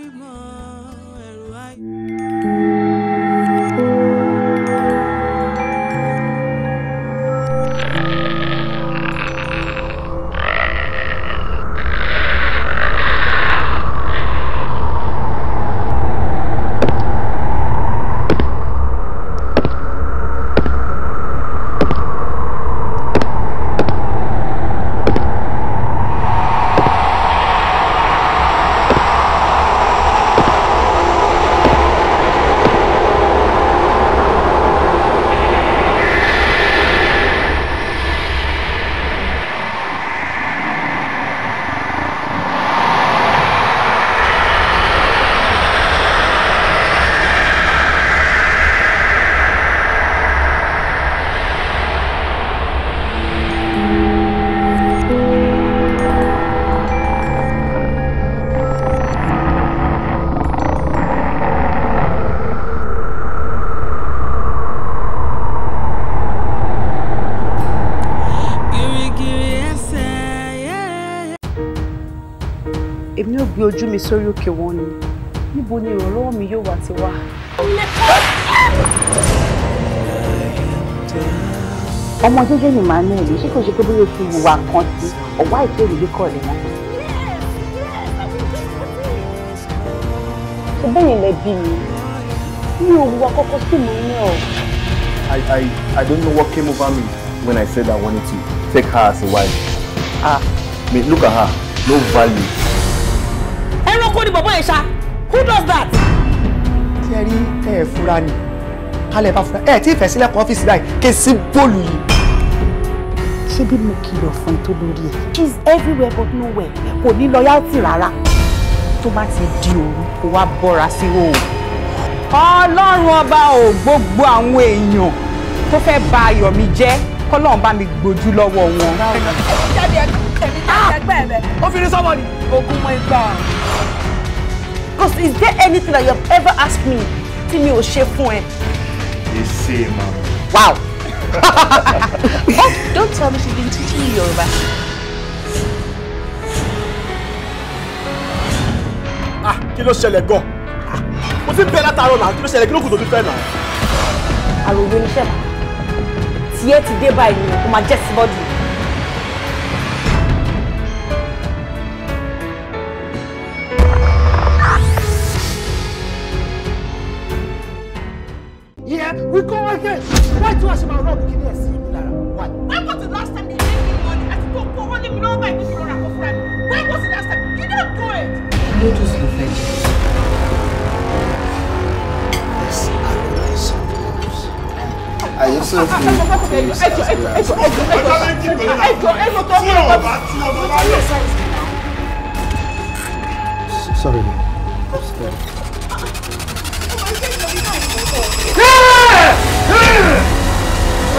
mi sórí òkè wọn ni níbo ni ìrànlọ́wọ́ mi yóò wá ti wá. ọmọ jẹ́jẹ́ ni màá ní èyí ṣé kò ṣe pé bóyá ti wùwà kan sí ọ̀wá ìpè ìdílé kọ̀ lè wọ́n. ṣé bẹ́ẹ̀ bí mi mi ò wùwà kọ́kọ́ sí mi ní ọ̀. I, I, I don't know what came over me when I said I wanted to take her as a wife. Ah, I mean, look at her, no value bẹ́ẹ̀ who does that. tí ẹ rí ẹ fura ni kálẹ̀ bá fura ẹ tí ìfẹ́ sílẹ̀ kan ọ́fíìsì báyìí kí n sí bọ́ọ̀lù yìí. ṣé bí mo kìlọ̀ fún tó lórí ẹ̀. she is everywhere but nowhere kò ní lọ́yàtì rárá tó bá ti di òru kó wá bọ́ra sí òun. ọlọ́run ọba ò gbogbo àwọn èèyàn tó fẹ́ bà ayọ̀ mi jẹ́ kọ́lọ́run bá mi gbójú lọ́wọ́ wọn. ẹ̀mí jáde ẹ̀mí jáde ah! ó fi ní sọ́mọ́ni. ogun mọ́ igbá. Because is there anything that you have ever asked me tí mi ò ṣe fún ẹ? You see, ma'am. Wow. oh, don't tell me she's been teaching you Yoruba. Ah, kí ló ṣẹlẹ̀ gan? Mo ti bẹ̀rẹ̀ látàárọ̀ náà, kí ló ṣẹlẹ̀ kí ló kù tó ti fẹ́ náà? Àròyé oníṣẹ́ ni, ó máa jẹ́ again why do i ṣe máa rọ́ọ̀bù kí ni ẹ̀ sí mi lára why. when was the last time you gave me money àti tó kó owó lé mi lọ́wọ́ báyìí níbi ìrora kan fúnra when was the last time you don do it. noodles ló fẹ́ jẹ. Àyè sọ fún mi. Ẹjọ ẹjọ ẹjọ ẹjọ ẹjọ ẹjọ ẹjọ tó ń bọ̀ bá tí ọmọ bá yẹ. Sorry. Sorry.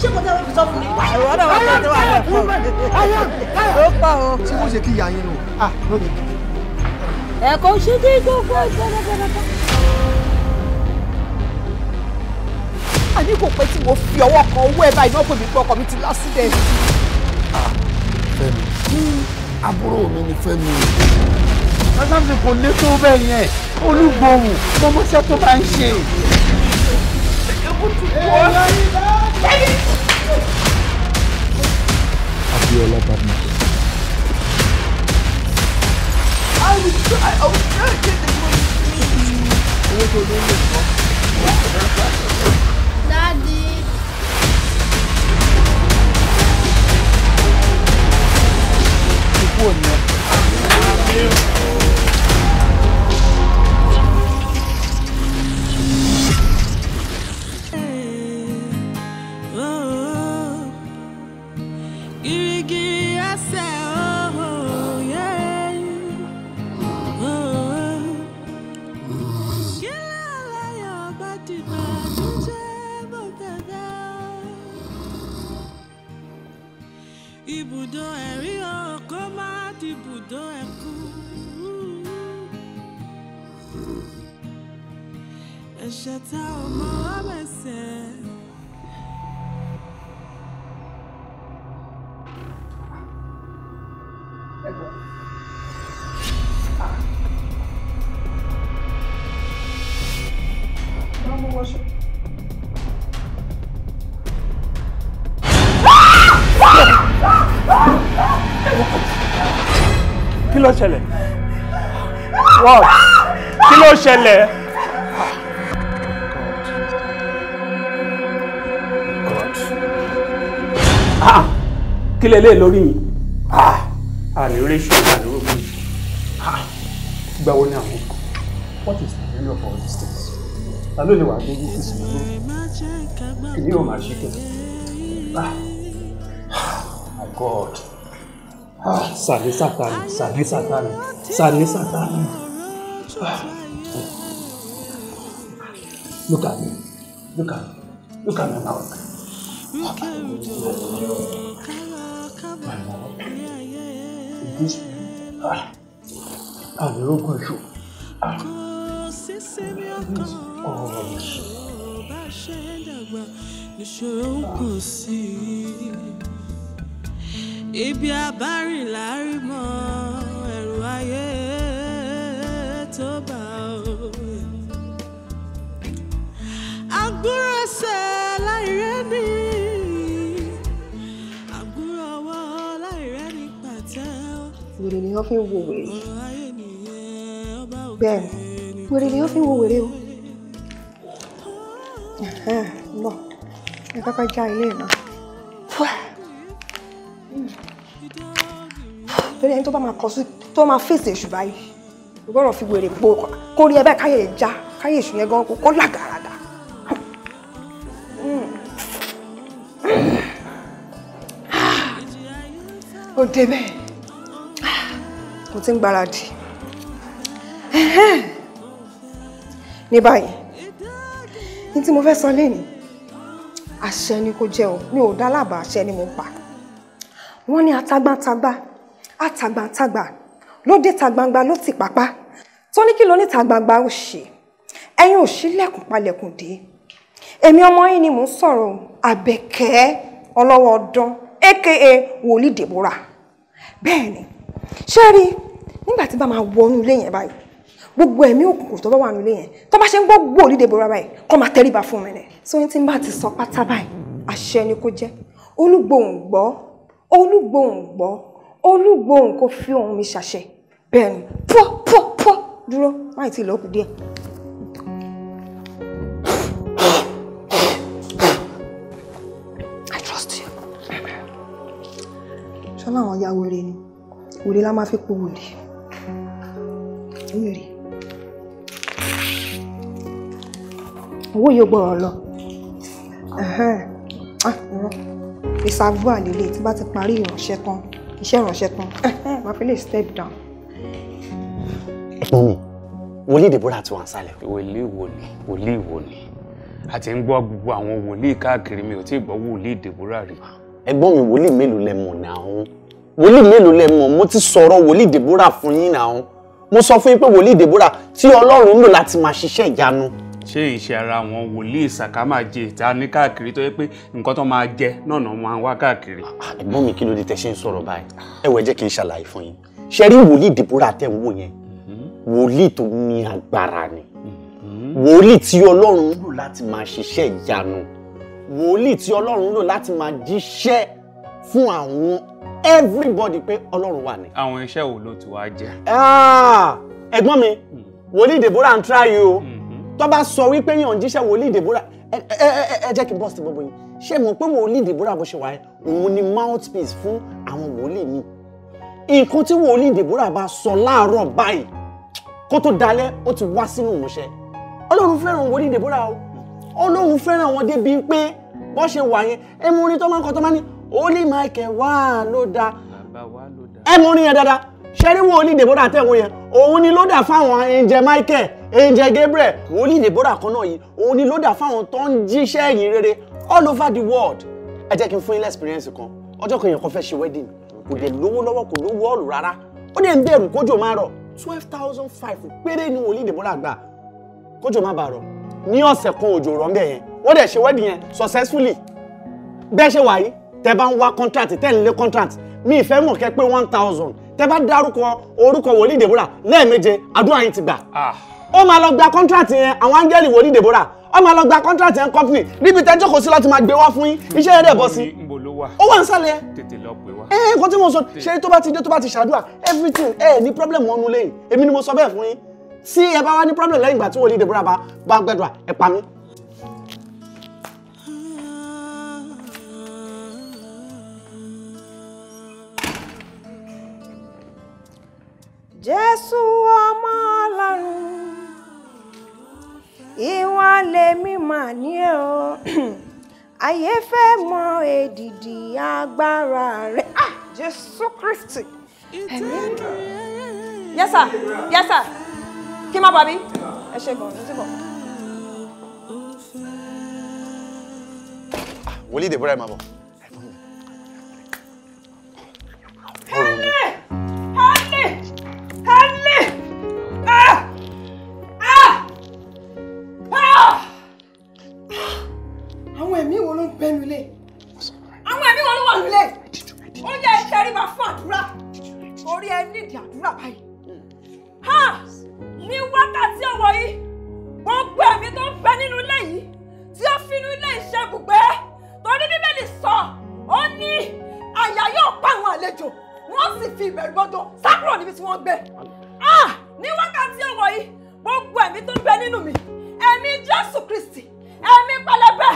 ṣé mo tẹ́wọ́ fi sọ fún mi. ẹ̀rọ ọ̀dọ̀ wọn tẹ̀síwájú ẹ̀ pọ̀ ó pa o. ṣé mo ṣe kí ìyá yín nù? ah no dey. ẹ̀kọ́ ṣe dé gbogbo ìṣẹ̀lẹ̀ gbẹ̀gbẹ̀. a ní kò pẹ́ tí mo fi ọwọ́ kan owó ẹ̀ báyìí náà kò ní pé ọkọ mi ti lásìdẹ̀. fẹ́mi àbúrò mi ni fẹ́mi o. sásámsì kò lé tó bẹ́ẹ̀ yẹn olúgbòhùn mọ́mọ́sẹ́ tó bá ń ṣe. èkó ti kú ọ́ láyé báyìí. Abiola Barnett. I was trying, I was trying to get this one Daddy. Good one, man. ló ṣẹlẹ̀ what Ah, ló ṣẹlẹ̀. Ah, ah. kí lè lè lórí mi Ah, àlèrógbò gbàwó ní àwọn what is the meaning of all these things ta ló lè wà á gbé yíṣù sí mi lórí èmi ò máa ṣe Sale Satán, sale Satán, sale Satán. Look at me, look at me, look at my mouth. My mouth. This, ah, ah, the road goes through. Ah, oh, this. Níṣòro kò sí i ibi abárìn lárí mọ ẹ̀rù ayé tó bá o. àgbúrò ẹsẹ̀ láìrẹ́ ní àgbúrò ọwọ́ láìrẹ́ wèrè ni wọ́n fi ń wo wèrè. bẹ́ẹ̀ wèrè ni wọ́n fi ń wo wèrè o. náà ẹ kọ́kọ́ já ilé náà. torí ẹni tó bá máa kọ sí tó máa fèsì èṣù báyìí gbọ́dọ̀ fi wèrè po kó rí ẹ báyìí káyè já káyè èṣù yẹn gan kó làgàràgà. ó débẹ̀ mo ti ń gbáradì ní báyìí ní tí mo fẹ́ sọ lẹ́nu àṣẹ ni kò jẹ́ o mi ò dá lábàá àṣẹ ni mo pa wọ́n ní atagbátagbá àtàgbàǹtàgbà ló dé ta gbangba ló ti pàpá tó ní kí ló ní ta gbangba ó ṣe ẹ̀yin ò ṣílẹ̀kùn palẹ̀kùn dé èmi ọmọ yín ni mò ń sọ̀rọ̀ àbẹ̀kẹ́ ọlọ́wọ́ ọdán aka wòlíì dèbòrà bẹ́ẹ̀ ni ṣé rí nígbà tí bá máa wọnú ilé yẹn báyìí gbogbo ẹ̀mí òkùnkùn tó bá wà nílé yẹn tó bá ṣe ń gbọ́ wòlíì dèbòrà báyìí kó máa tẹríba fún mi rẹ̀ tí wọ́n ti ń bá ti sọ pátá báyìí àṣẹ ni kó jẹ́ olúgbòhùn gbọ́ olúgbòhùn kò fi ohùn mi ṣàṣẹ bẹ́ẹ̀ ni pọ́ pọ́ pọ́ dúró má ti lọ́ọ́ kù díẹ̀. I trust you. ṣọlá àwọn ya wèrè ni wèrè la máa fi po wèrè wèrè owó yóò gbọ́rọ̀ lọ ah, ìsàgbọ́ àlèlè tí bá ti parí ìránṣẹ́ tán iṣẹ́ ìránṣẹ́ tán wàá eh, eh, fi lè step down. mọ́mí wòlíì Deborah ti wà ń sálẹ̀. wòlíì wo ni wòlíì wo ni a ti ń gbọ́ gbogbo àwọn wòlíì káàkiri mi ò tí ì gbọ́ wòlíì Deborah rí. ẹ̀gbọ́n mi wòlíì mélòó lẹ mọ̀ náà wòlíì mélòó lẹ mọ̀ mo ti sọ̀rọ̀ wòlíì Deborah fún yín náà mo sọ fún yín pé wòlíì Deborah tí Ọlọ́run ń lò láti máa ṣiṣẹ́ ìyanu ṣé ìṣe ara wọn wòlíì sàkámàjẹ tá a ní káàkiri tó yẹ pé nǹkan tó máa jẹ náà náà máa wá káàkiri. Ah, ah, ẹ̀gbọ́n mi kí ló dé tẹ ṣe ń sọ̀rọ̀ báyìí ẹ wẹ̀ jẹ́ kí n ṣàlàyé fún yín ṣe rí wòlíì Dèbórà tẹ̀ ń wò yẹn mhm. wòlíì tó ní agbára ni mhm. wòlíì tí ọlọ́run ń lò láti máa ṣiṣẹ́ ìyanu wòlíì tí ọlọ́run lò láti máa jíṣẹ́ fún àwọn everybody pé ọlọ́run wà ní. àwọn iṣẹ́ wo ló ti wá jẹ́. Ah, ẹ̀gbọ́n mi hmm. wòlíì Dèbórà ń try you o. Mm tó bá sọ wípé yàn jíṣẹ́ wòlíì Deborah ẹ ẹ ẹ jẹ́ kí n bọ́ sí gbogbo yín ṣé mọ̀ pé wòlíì Deborah bó ṣe wà ẹ́ òun ni mouthpiece fún àwọn wòlíì mi nǹkan tí wòlíì Deborah bá sọ láàárọ̀ báyìí kó tó dalẹ́ ó ti wá sínú ìmúṣẹ Ọlọ́run fẹ́ràn wòlíì Deborah o Ọlọ́run fẹ́ràn wọn débi pé bọ́ ṣe wà yẹn ẹ mú orin tó máa ń kọ tó máa ní holy michael wá ló da ẹ mú orin yẹn dáadáa ṣe rí wòlíì Deborah tẹ̀wọ̀n yẹn òun ni ló dà fáwọn angel michael angel gabriel wòlíì deborah kan náà yìí òun ni lódà fáwọn tó ń jíṣẹ́ ìyìn rere all over the world ẹ jẹ́ kí n fún yín lẹ́sìpírẹ́ǹsì kan ọjọ́ kan yẹn kan fẹ́ ṣe wedding kò dẹ̀ lówó lọ́wọ́ kò lówó ọ̀lù rárá ó dẹ̀ ń bẹ̀rù kójò máa rọ̀ twelve thousand five péré ni wòlíì deborah gbà kójò má bàa rọ̀ ní ọ̀sẹ̀ kan òjò rọ̀ ńbẹ̀ yẹn wọ́n dẹ̀ ṣe wedding yẹn successfully bẹ́ẹ̀ ṣe wà yìí tẹ́ bá ń wá contract tẹ́ ń lé contract mi ìfẹ́ mọ̀ kẹ́ pé one thousand tẹ́ bá dárúkọ orúkọ wòlíì deborah lẹ́ẹ̀méje àdúrà yín ti gbà. ah ó máa lọ gba contract yẹn àwọn áńgẹ́lì wòlíì Deborah ó máa lọ gba contract yẹn company níbi tẹ́jọ́ kò sí láti máa gbé wá fún yín iṣẹ́ yẹn dẹ̀ bọ́ sí ó wà ń sálẹ̀ ẹ̀ ẹ̀ nǹkan tí mo sọ ṣe tó bá ti dé tó bá ti ṣàdúrà everything ẹ̀ ní problem wọn nu lẹ́yìn èmi ni mo sọ bẹ́ẹ̀ fún yín tí ẹ bá wá ní problem lẹ́yìn ìgbà tí wòlíì Deborah bá bá gbẹdùà ẹ pa mí. Jésù ọmọ Ọlọ́run ìwọ̀n lèmi mà ní o ayé fẹ́ mọ èdìdì agbára rẹ̀ ah Jésù Kristi ẹ̀mí yes sir yes sir kí n má bàbí ẹ ṣe gan-an ní ah, bọ̀. wòlíì dèbúrà ẹ máa bọ̀. Honey! Honey! ṣe ibùgbé torí bíbélì sọ ó ní àyà yóò pa àwọn àlejò wọ́n sì fi ìbẹ̀rù bọ́dọ̀ sá kúrò níbi tí wọ́n gbé ní wákàtí ọ̀wọ̀ yìí gbogbo ẹ̀mí tó ń bẹ nínú mi ẹ̀mí jésù kristi ẹ̀mí pẹlẹbẹ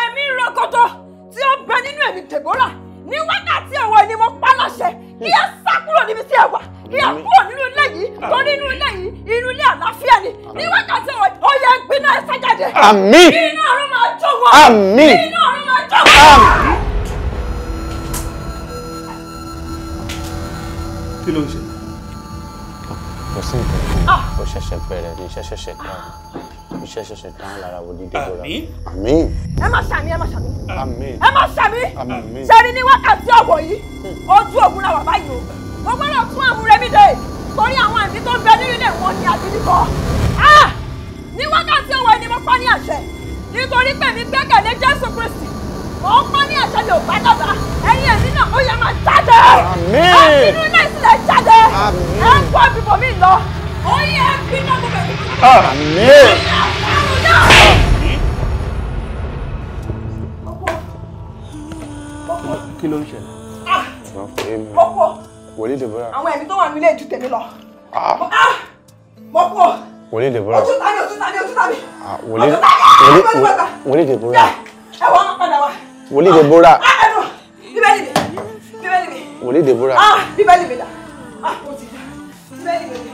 ẹ̀mí rọgọdọ tí ó bẹ nínú ẹ̀mí dèbórà ní wákàtí ọ̀wọ́ ni mo pa lọ́ṣẹ kí ẹ sá kúrò níbi tí ẹ wà kí ẹ kúrò nínú ilé yìí tó nínú ilé yìí inú ilé àlàáfíà ni ní wákàtí ọ̀wọ́ ó yẹ gbiná ẹ sá jáde. àmín kí máa jó wọn kí iná ọ̀run máa jó wọn. kí ló ń ṣe. kò sí nǹkan kan kò ah. ṣẹ̀ṣẹ̀ bẹ̀rẹ̀ ní ṣẹ̀ṣẹ̀ kan. Ah iṣẹ́ ṣẹ̀ṣẹ̀ tán lára wo dídé bọ́ra. àmín. ẹ má ṣàmì ẹ má ṣàmì. àmín. ẹ má ṣàmì. àmín. sẹ́ni ní wákàtí ọ̀wọ̀ yìí ojú ògùn la wà báyìí o. mo gbọ́dọ̀ tún àmúrẹ́mí dé torí àwọn àǹtí tó ń bẹ nínú ilé wọn ni àbí nìkọ́. ní wákàtí ọ̀wọ̀ ni mo pa ní àṣẹ nítorí pé mi gbẹ́kẹ̀lé Jésù Kristi mò ń ní àṣẹ lè bá dọ̀bà ẹ̀yin ẹ̀mí náà ó yẹ mi lọ. Amém. Kí ló ń ṣẹlẹ̀? Ọ̀pọ̀. Wòlíì Deborah. Àwọn ẹ̀mí tó wà nílé ju tèmi lọ. Mọ̀pọ̀. Ah. Ah, wòlíì Deborah. Ojú tani, ojú tani, ojú tani. Ah, wòlíì Wòlíì Deborah. Ẹ wọ́n máa padà wá. Wòlíì Deborah. Bíbélì mi, bíbélì mi. Wòlíì Deborah. Bíbélì mi dà. Bíbélì mi dà.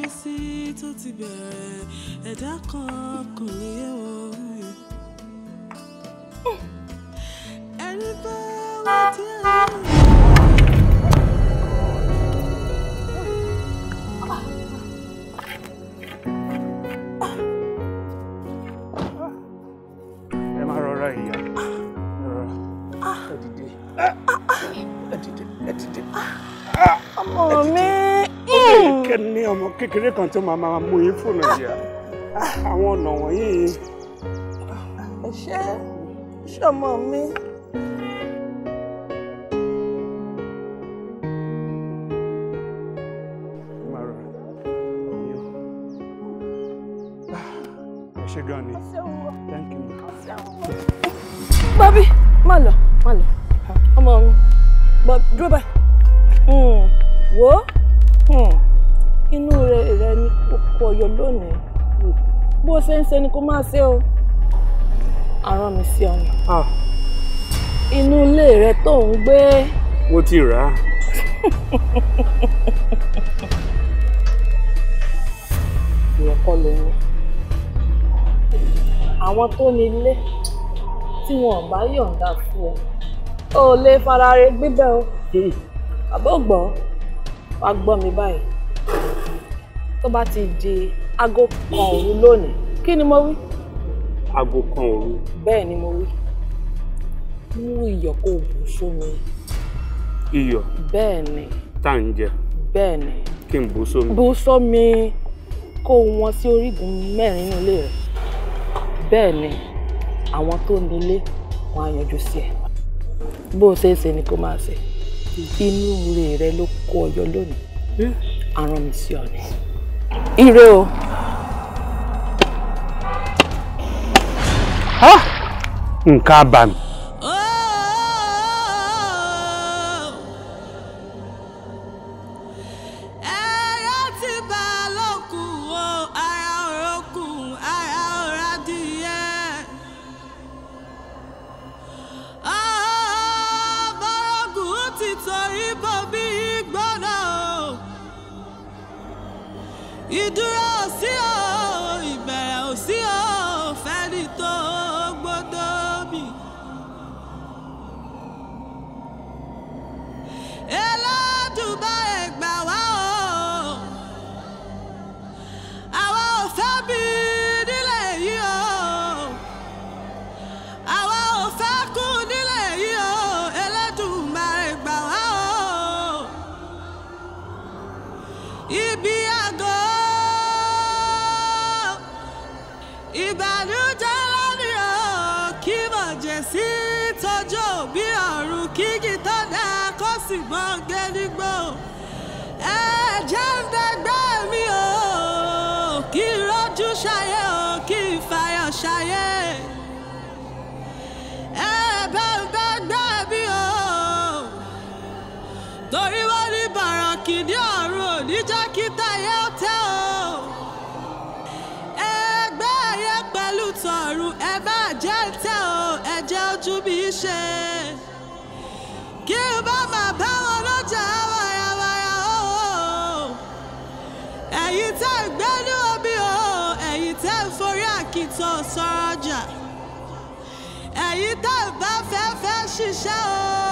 sí tó ti bẹ̀rẹ̀ ẹ̀dá kan kò ní yé wọ. Hm. ẹni bá wà díẹ̀. ọmọ kékeré kan tó máa máa mú yín fònà yá ah! ah, àwọn ọ̀nà wọ̀nyí. Ah, ẹ ṣé ṣọmọ mi. máa ṣe o àrán mi sí ọ̀nà inú ilé rẹ tó ń gbé. mo ti rà á. ìyẹn kọ́ ló ní àwọn tó ní ilé tí wọn ò bá yọ̀ǹda fún ọ ò lè fara re gbígbẹ́ o bàbá hmm. ògbọ́n wàá gbọ́ mi báyìí tó bá ti di aago kan òru lónìí kí ni mo wí. aago kan òru. bẹ́ẹ̀ ni mo wí. mú iyọ̀ kó o bù sómi. iyọ̀. bẹ́ẹ̀ ni. tá à ń jẹ. bẹ́ẹ̀ ni. kí n bù sómi. bù sómi kó o wọn sí orígun mẹ́rin nínú ilé rẹ̀ bẹ́ẹ̀ ni àwọn tó nílé wọn á yanjú sí ẹ bó o ṣe é ṣe ni kó máa ṣe inú ire rẹ ló kó ọyọ lónìí àrùn mi sí ọ ni ire o. nǹkan abàmì sì mọ́ gẹ́dígbò ẹ ń dẹgbẹ́ mi o kí n rojú ṣayé o kí n fàyọ̀ ṣayé mi o torí wọ́n ní bàràkì ní ọ̀run ò jẹ́ kí táyé. sọ́jà ẹ̀yin tá ò bá fẹ́ fẹ́ ṣiṣẹ́ o.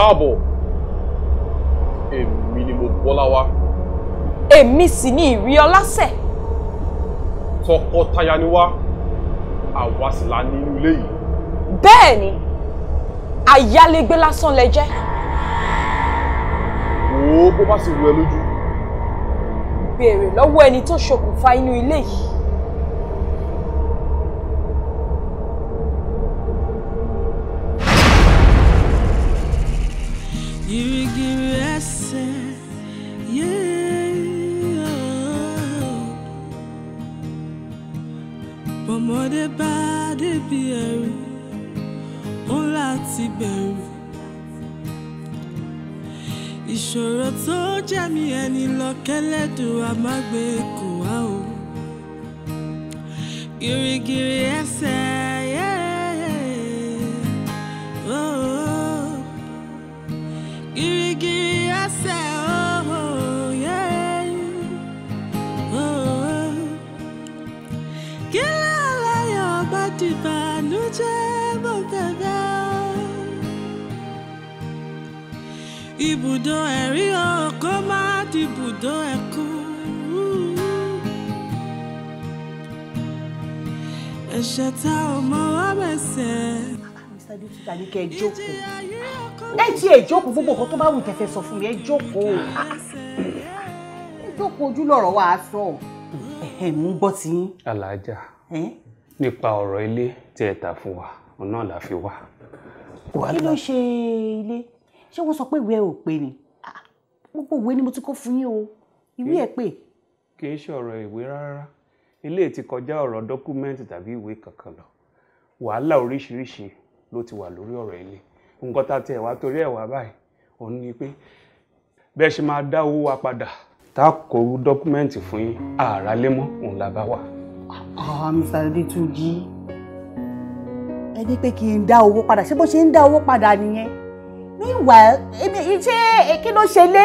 káàbọ̀ èmi ni mo bọ́lá wá. èmi sì ni ìrí ọlásẹ̀. tọkọtaya ni wá àwa sì la ní inú ilé yìí. bẹ́ẹ̀ ni àyálégbé lásán lẹ jẹ́. wò bó bá sì wù ẹ́ lójú. béèrè lọ́wọ́ ẹni tó ṣokùnfà inú ilé yìí. báyé bá débi ẹ̀rù ó láti bẹ̀rù. ìṣòro tó jẹ́ mi ẹni lọ àmágbé kò wá o. gírígírí ẹsẹ̀. dìbùdó ẹ̀rí o má dìbùdó ẹ̀kún. ẹ̀ṣẹ̀ tá ò mọ wá bẹ̀sẹ̀. Mr. Beauty ta ni kẹ́ ẹ jókòó láì tí ẹ jókòó gbogbo nǹkan tó bá wù tẹ̀fẹ̀ sọ fún mi ẹ jókòó ah, ah. jókòó ojú lọ̀rọ̀ wa sọ mú gbọ́ tí. alájà nípa ọ̀rọ̀ ilé tí ẹ tà fún wa ọ̀nà la fi wá. kí ló ṣe ilé ṣé wọ́n sọ pé ìwé ẹ̀ ò pé ni ah, gbogbo ìwé ni mo ti kó fún yín o ìwé ẹ̀ pé. kì í ṣe ọ̀rọ̀ ìwé rárá ilé ti kọjá ọ̀rọ̀ dọ́kúmẹ́ǹtì tàbí ìwé kankan lọ wàhálà oríṣiríṣi ló ti wà lórí ọ̀rọ̀ ilé nǹkan tá a tiẹ̀ wá torí ẹ̀ wá báyìí òun ni pé bẹ́ẹ̀ ṣe máa dá owó wa padà tá a kó dọ́kúmẹ́ǹtì fún yín ààrá lé mọ́ òun la bá wà. Mr. Adétúnjí ẹni pé kí n dá owó padà ṣé bó ṣe ń dá owó padà nìyẹn meanwhile ṣé kí ló ṣe lé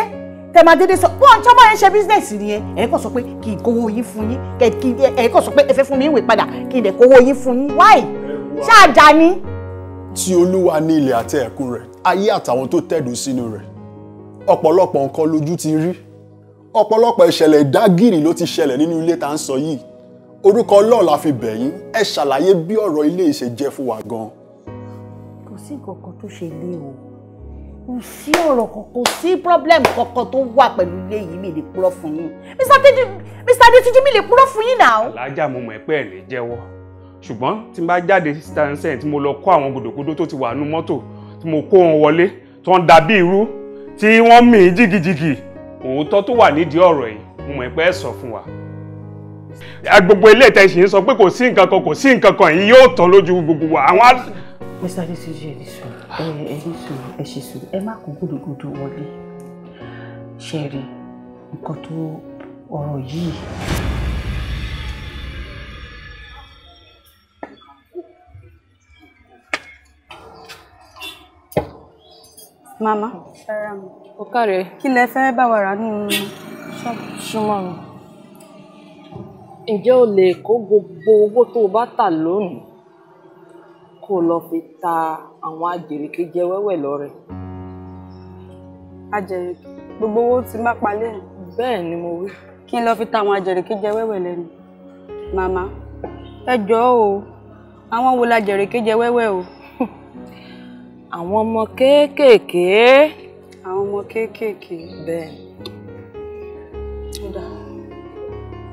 tẹ̀mà dédé sọ bọ́ọ̀ ọjọ́ báyẹn ṣe business nìyẹn ẹ̀yin kò sọ pé kì í kówó yín fún yín kì í ẹ̀yin kò sọ pé ẹ fẹ́ fún mi ìwé padà kì í dẹ̀ kówó yín fún yín why ṣáàjà ni. tí olúwa ní ilẹ̀ àti ẹ̀kún rẹ̀ ayé àtàwọn tó tẹ̀dó sínú rẹ̀ ọ̀pọ̀lọpọ̀ nǹkan lójú ti rí ọ̀pọ̀lọpọ̀ ìṣẹ̀lẹ̀ ìdágìrì ló ti ṣẹlẹ̀ nínú ilé tá à ń sọ yìí orúkọ ọlọ́run la fi bẹ̀ yín ẹ ṣàlàyé bí ọ̀rọ̀ ilé ìṣe jẹ́ fún wa gan kò sí nǹkan kan tó ṣe lé o kò sí ọ̀rọ̀ kan kò sí problem kankan tó wà pẹ̀lú ilé yìí mi lè purọ́ fún yín Mr. Adetunji mi lè purọ́ fún yín náà. alájà mo mọ̀ ẹ́ pé ẹ̀ lè jẹ́wọ́ ṣùgbọ́n tí n bá jáde stansen tí mo lọ kó àwọn gòdògòdò tó ti wà nú mọ́tò tí mo kó wọn wọlé tó ń dà bí irú tí wọ́n mì í jìgìjìgì òótọ́ tó wà nídìí ọ̀rọ̀ yìí mo mọ̀ ẹ́ pé ẹ̀ sọ fún wa gbogbo ilé ìtẹ̀sí ń sọ pé kò sí nǹkan kan kò sí nǹkan kan yìí yóò tán lójú gbogbo àwọn. Mr. Adetunji ẹ̀ ní sọ ẹ ẹ ní sùúrù ẹ ṣe sùúrù ẹ má kó gúdúgúdú wọlé ṣe rí nǹkan tó ọ̀rọ̀ yìí. Mama. Ó káre. Kí lẹ fẹ́ bá wa nínú ṣọ́ọ̀bù mi? Ǹjẹ́ o lè kó gbogbo owó tó o bá tà lónìí kó o lọ fi ta àwọn ajèrèké jẹ wẹ́wẹ́ lọ́rẹ̀. ajèrèké gbogbo owó ti má palẹ̀. bẹ́ẹ̀ ni mo wí. kí n lọ fi ta àwọn ajèrèké jẹ wẹ́wẹ́ lẹ́nu. màmá ẹ jọ̀ọ́ o àwọn wo la jèrèké jẹ wẹ́wẹ́ o. àwọn ọmọ kéékèèké. àwọn ọmọ kéékèèké. bẹ́ẹ̀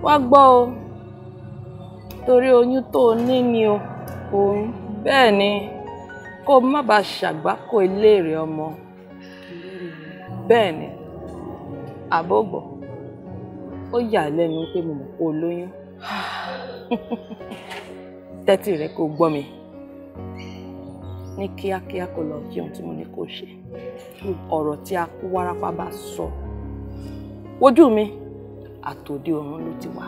wá gbọ́ o torí oyún tó o ní ni o òun bẹ́ẹ̀ ni kó má bàa ṣàgbákò iléèrè ọmọ bẹ́ẹ̀ ni àbógbọ̀ ó yà lẹ́nu pé mo mọ̀ kó o lóyún tẹ́tì rẹ kó o gbọ́ mi ní kíákíá kó lọ kí ohun tí mo ní kó ṣe ọ̀rọ̀ tí a kú wárápá bá sọ ojú mi àtòdì ọ̀run ló ti wà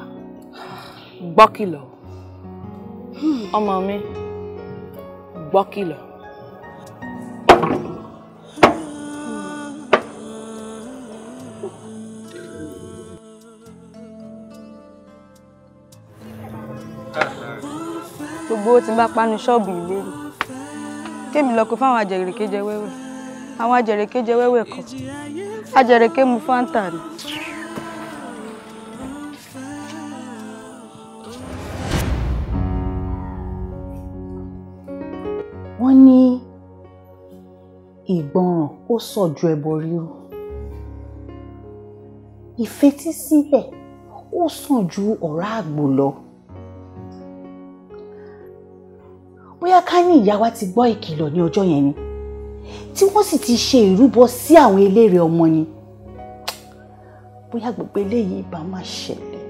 gbọ́kìlọ̀ ọmọ mi gbọ́kìlọ̀. owó tí n bá pánu ṣọ́ọ̀bù ilé ni kémi lọ fáwọn àjẹrèké jẹ wẹ́wẹ́ àwọn àjẹrèké jẹ wẹ́wẹ́ kọ àjẹrèké mu fanta ni. wọ́n ní ìgbọràn ó sọ ju ẹbọ rírú ìfetísílẹ̀ ó sàn ju ọ̀rá àgbò lọ. bóyá ká ní ìyá wa ti gbọ́ ìkìlọ̀ ní ọjọ́ yẹn ni tí wọ́n sì ti ṣe ìrúbọ sí àwọn eléèrè ọmọ ni bóyá gbogbo eléyìí bá má ṣẹlẹ̀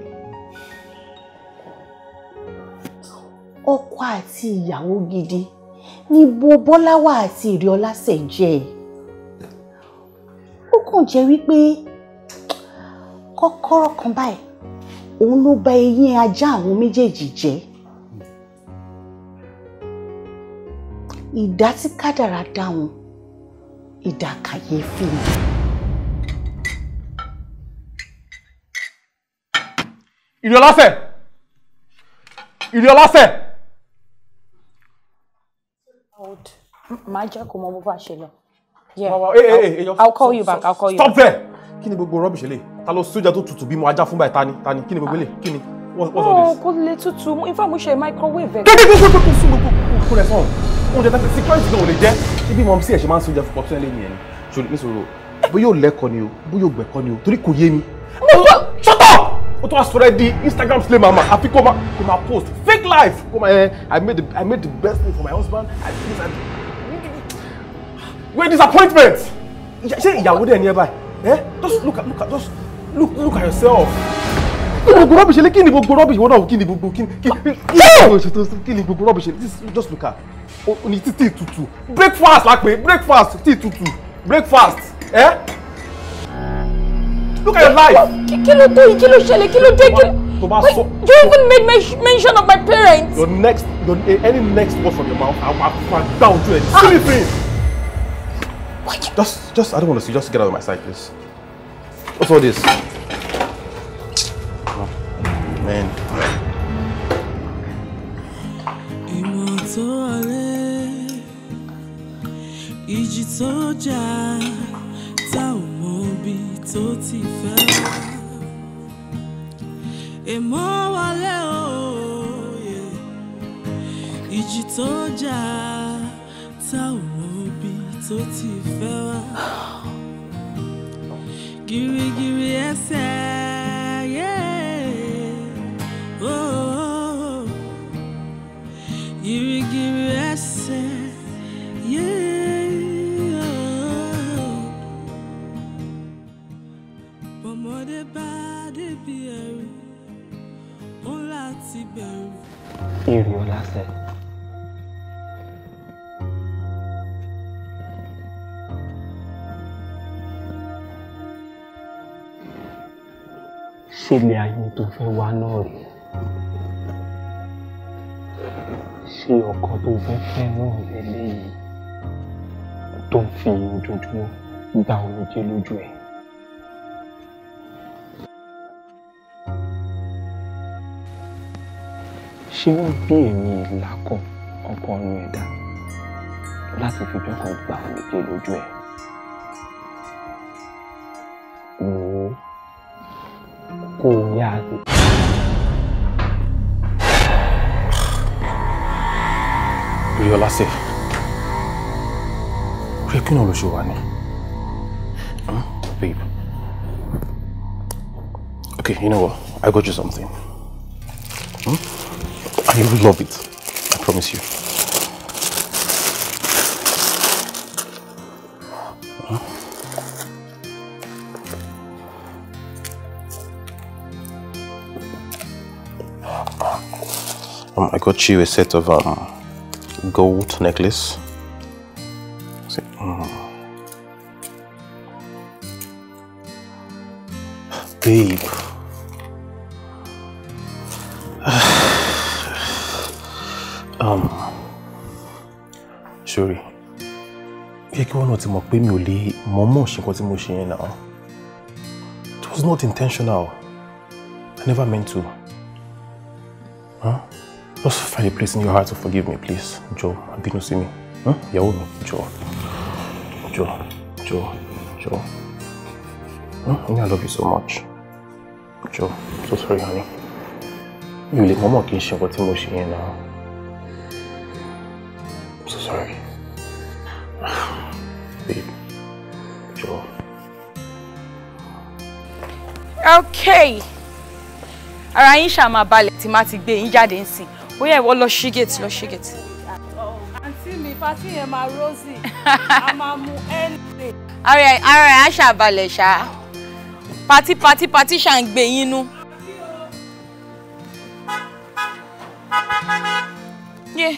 ọkọ àti ìyàwó gidi ni bo bọ́láwà àti ìrìọlá ṣẹ̀ jẹ́ ó kàn jẹ́ wípé kọ́kọ́rọ́ kan báyìí òun ló bà eyín ajá àwọn méjèèjì jẹ́ ìdá tí kádàrá dá wọn ìdá kàyéfì ni. ìrọlásẹ̀ ìrọlásẹ̀. máa jẹ́ kó mọ bó ṣe lọ. Yeah. Hey, hey, hey, I'll, call you back. I'll call you. Stop there. Kí ni gbogbo rubbish le? Ta ló sójà tó tutù bí mo ajá fún báyìí tani tani? Kí ni gbogbo le? Kí ni? What's all this? Kò lè tutù. In fact, mo ṣe microwave. Kí ni gbogbo gbogbo sún gbogbo kúrẹ́ sọ̀rọ̀? oúnjẹ tàbí security gan ò lè jẹ́ ibi mọ̀ sí ẹ̀ṣẹ̀ máa ń sọ oúnjẹ fún pọ̀pọ̀ ẹ̀ ni níṣòro bóyá ò lẹ́kọ̀ọ́ ni o bóyá ò gbẹ̀kọ́ ni o torí kò yé mi. ṣọ́tọ̀ o tún wá sọ̀rọ̀ ẹ di Instagram slay mama àfi kó máa kó máa post fake life kó máa ẹ I made the I made the best thing for my husband I did that wey disappointment ṣé ìyàwó dẹ̀ ni ẹ báyìí ẹ just look at look at just look look at yourself kí ni gbogbo rubbish kí ni gbogbo rubbish wọ́n náà kí ni gbogbo kí ni gbogbo rubbish just look at ní títí tutù breakfast la pè breakfast tí tutù breakfast ẹ eh? look at your life. kí ló tó yìí kí ló ṣẹlẹ̀ kí ló dé kí ló. tó bá sọ you even made mention of my parents. your next your eh, any next word from your mouth i will i down to it ah! silly thing. just just i don't want to see just get out of my sight please what's all this. Oh, man ìjì tó jà tá ò mọ ibi tó ti fẹ́. èmọ́ wọlé òye ìjì tó jà tá ò mọ ibi tó ti fẹ́ wá. gírígírí ẹsẹ̀. ṣé ilé ayé tó fẹ́ wá náà rèé ṣé ọkọ tó fẹ́ fẹ́ náà lélẹ́yìí tó ń fi ojoojúmọ́ gba omijé lójú ẹ̀. ṣé wọ́n bí èmi ìlà kan ọkọ ọ̀run ẹ̀dá láti fi jọ́kàn gba omijé lójú ẹ̀. ṣe rẹ kí náà ló show, wà babe okay you know what I got you something hmm? you will love it I promise you. Hmm? Um, I got you a set of um, gold necklace. See. Hmm. Babe. um, sorry. Yẹ kí wọ́n náà ti mọ̀ pé mi ò lè mọ̀ọ́mọ̀ now. It was not intentional. I never meant to. Can you please in your heart to forgive me, please? Joe. I didn't see me. Huh? Ìyàwó mi, Joe. Joe. Joe. jọ̀ọ́. Honey, I love you so much. Joe. so sorry, honey. You ò Mama mọ̀ọ́mọ̀ kí n ṣe nǹkan tí I'm so sorry. Babe, Joe. Okay. Ara yín ṣá máa balẹ̀ tí má ti gbé yín jáde ńsìn. Oh yeah, lọ ṣí gate lọ ṣí gate. àǹtí mi pátí yẹn máa rosy a máa mu ẹnìdè. ara ẹ ara ẹ á ṣàbalẹ̀ ṣá pátí pátí pátí ṣà ń gbé yín yeah.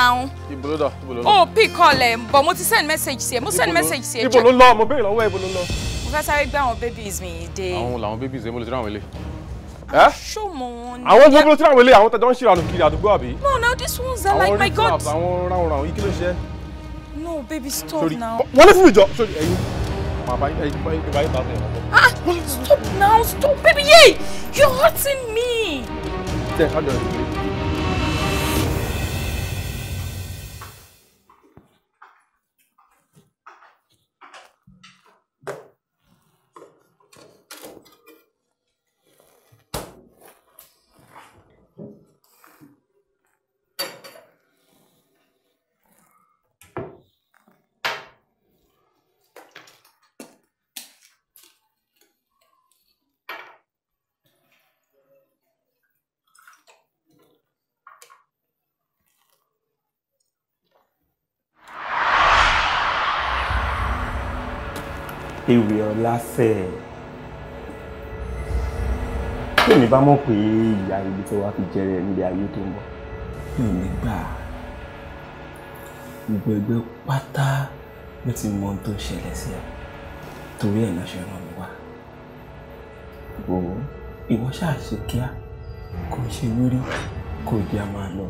now. Oh, pick call him. but mo send message sí must send message sí ẹ. Ibo ló lọ, mo béèrè lọ́wọ́ ibo ló lọ. Mo fẹ́ sáré gbé àwọn babies mi dé. Àwọn làwọn babies ẹ mo lè ti rán àwọn Eh? Show Ṣó mo wọn ni? Àwọn gbogbo tí àwọn ilé àwọn tẹ̀jọ́ ń ṣe ìrànú kiri àdúgbò àbí? No, now this ones are like my God. Àwọn ráhùn ráhùn yìí kí ló ṣe? No, baby, stop Sorry. now. Wọ́n lé fún mi jọ. Sorry, ẹ̀yin. Màmá ẹ̀yin bá yín bá bẹ̀rẹ̀. Ah! Stop now, stop baby, yay! You're hurting me. Tẹ̀ ká jọ ẹ̀. lásẹ̀ tí èmi bá mọ̀ pé ìyá ibi tí wàá fi jẹrẹ nílé ayé tó ń bọ̀ mi ò ní gbà gbogbo ẹgbẹ́ pátá ló ti mọ ohun tó ń ṣẹlẹ̀ sí ẹ torí ẹ̀ náà ṣe ràn mí wá wò ìwọ ṣáà ṣe kíá kò ṣe lórí kò jẹ́ a máa lọ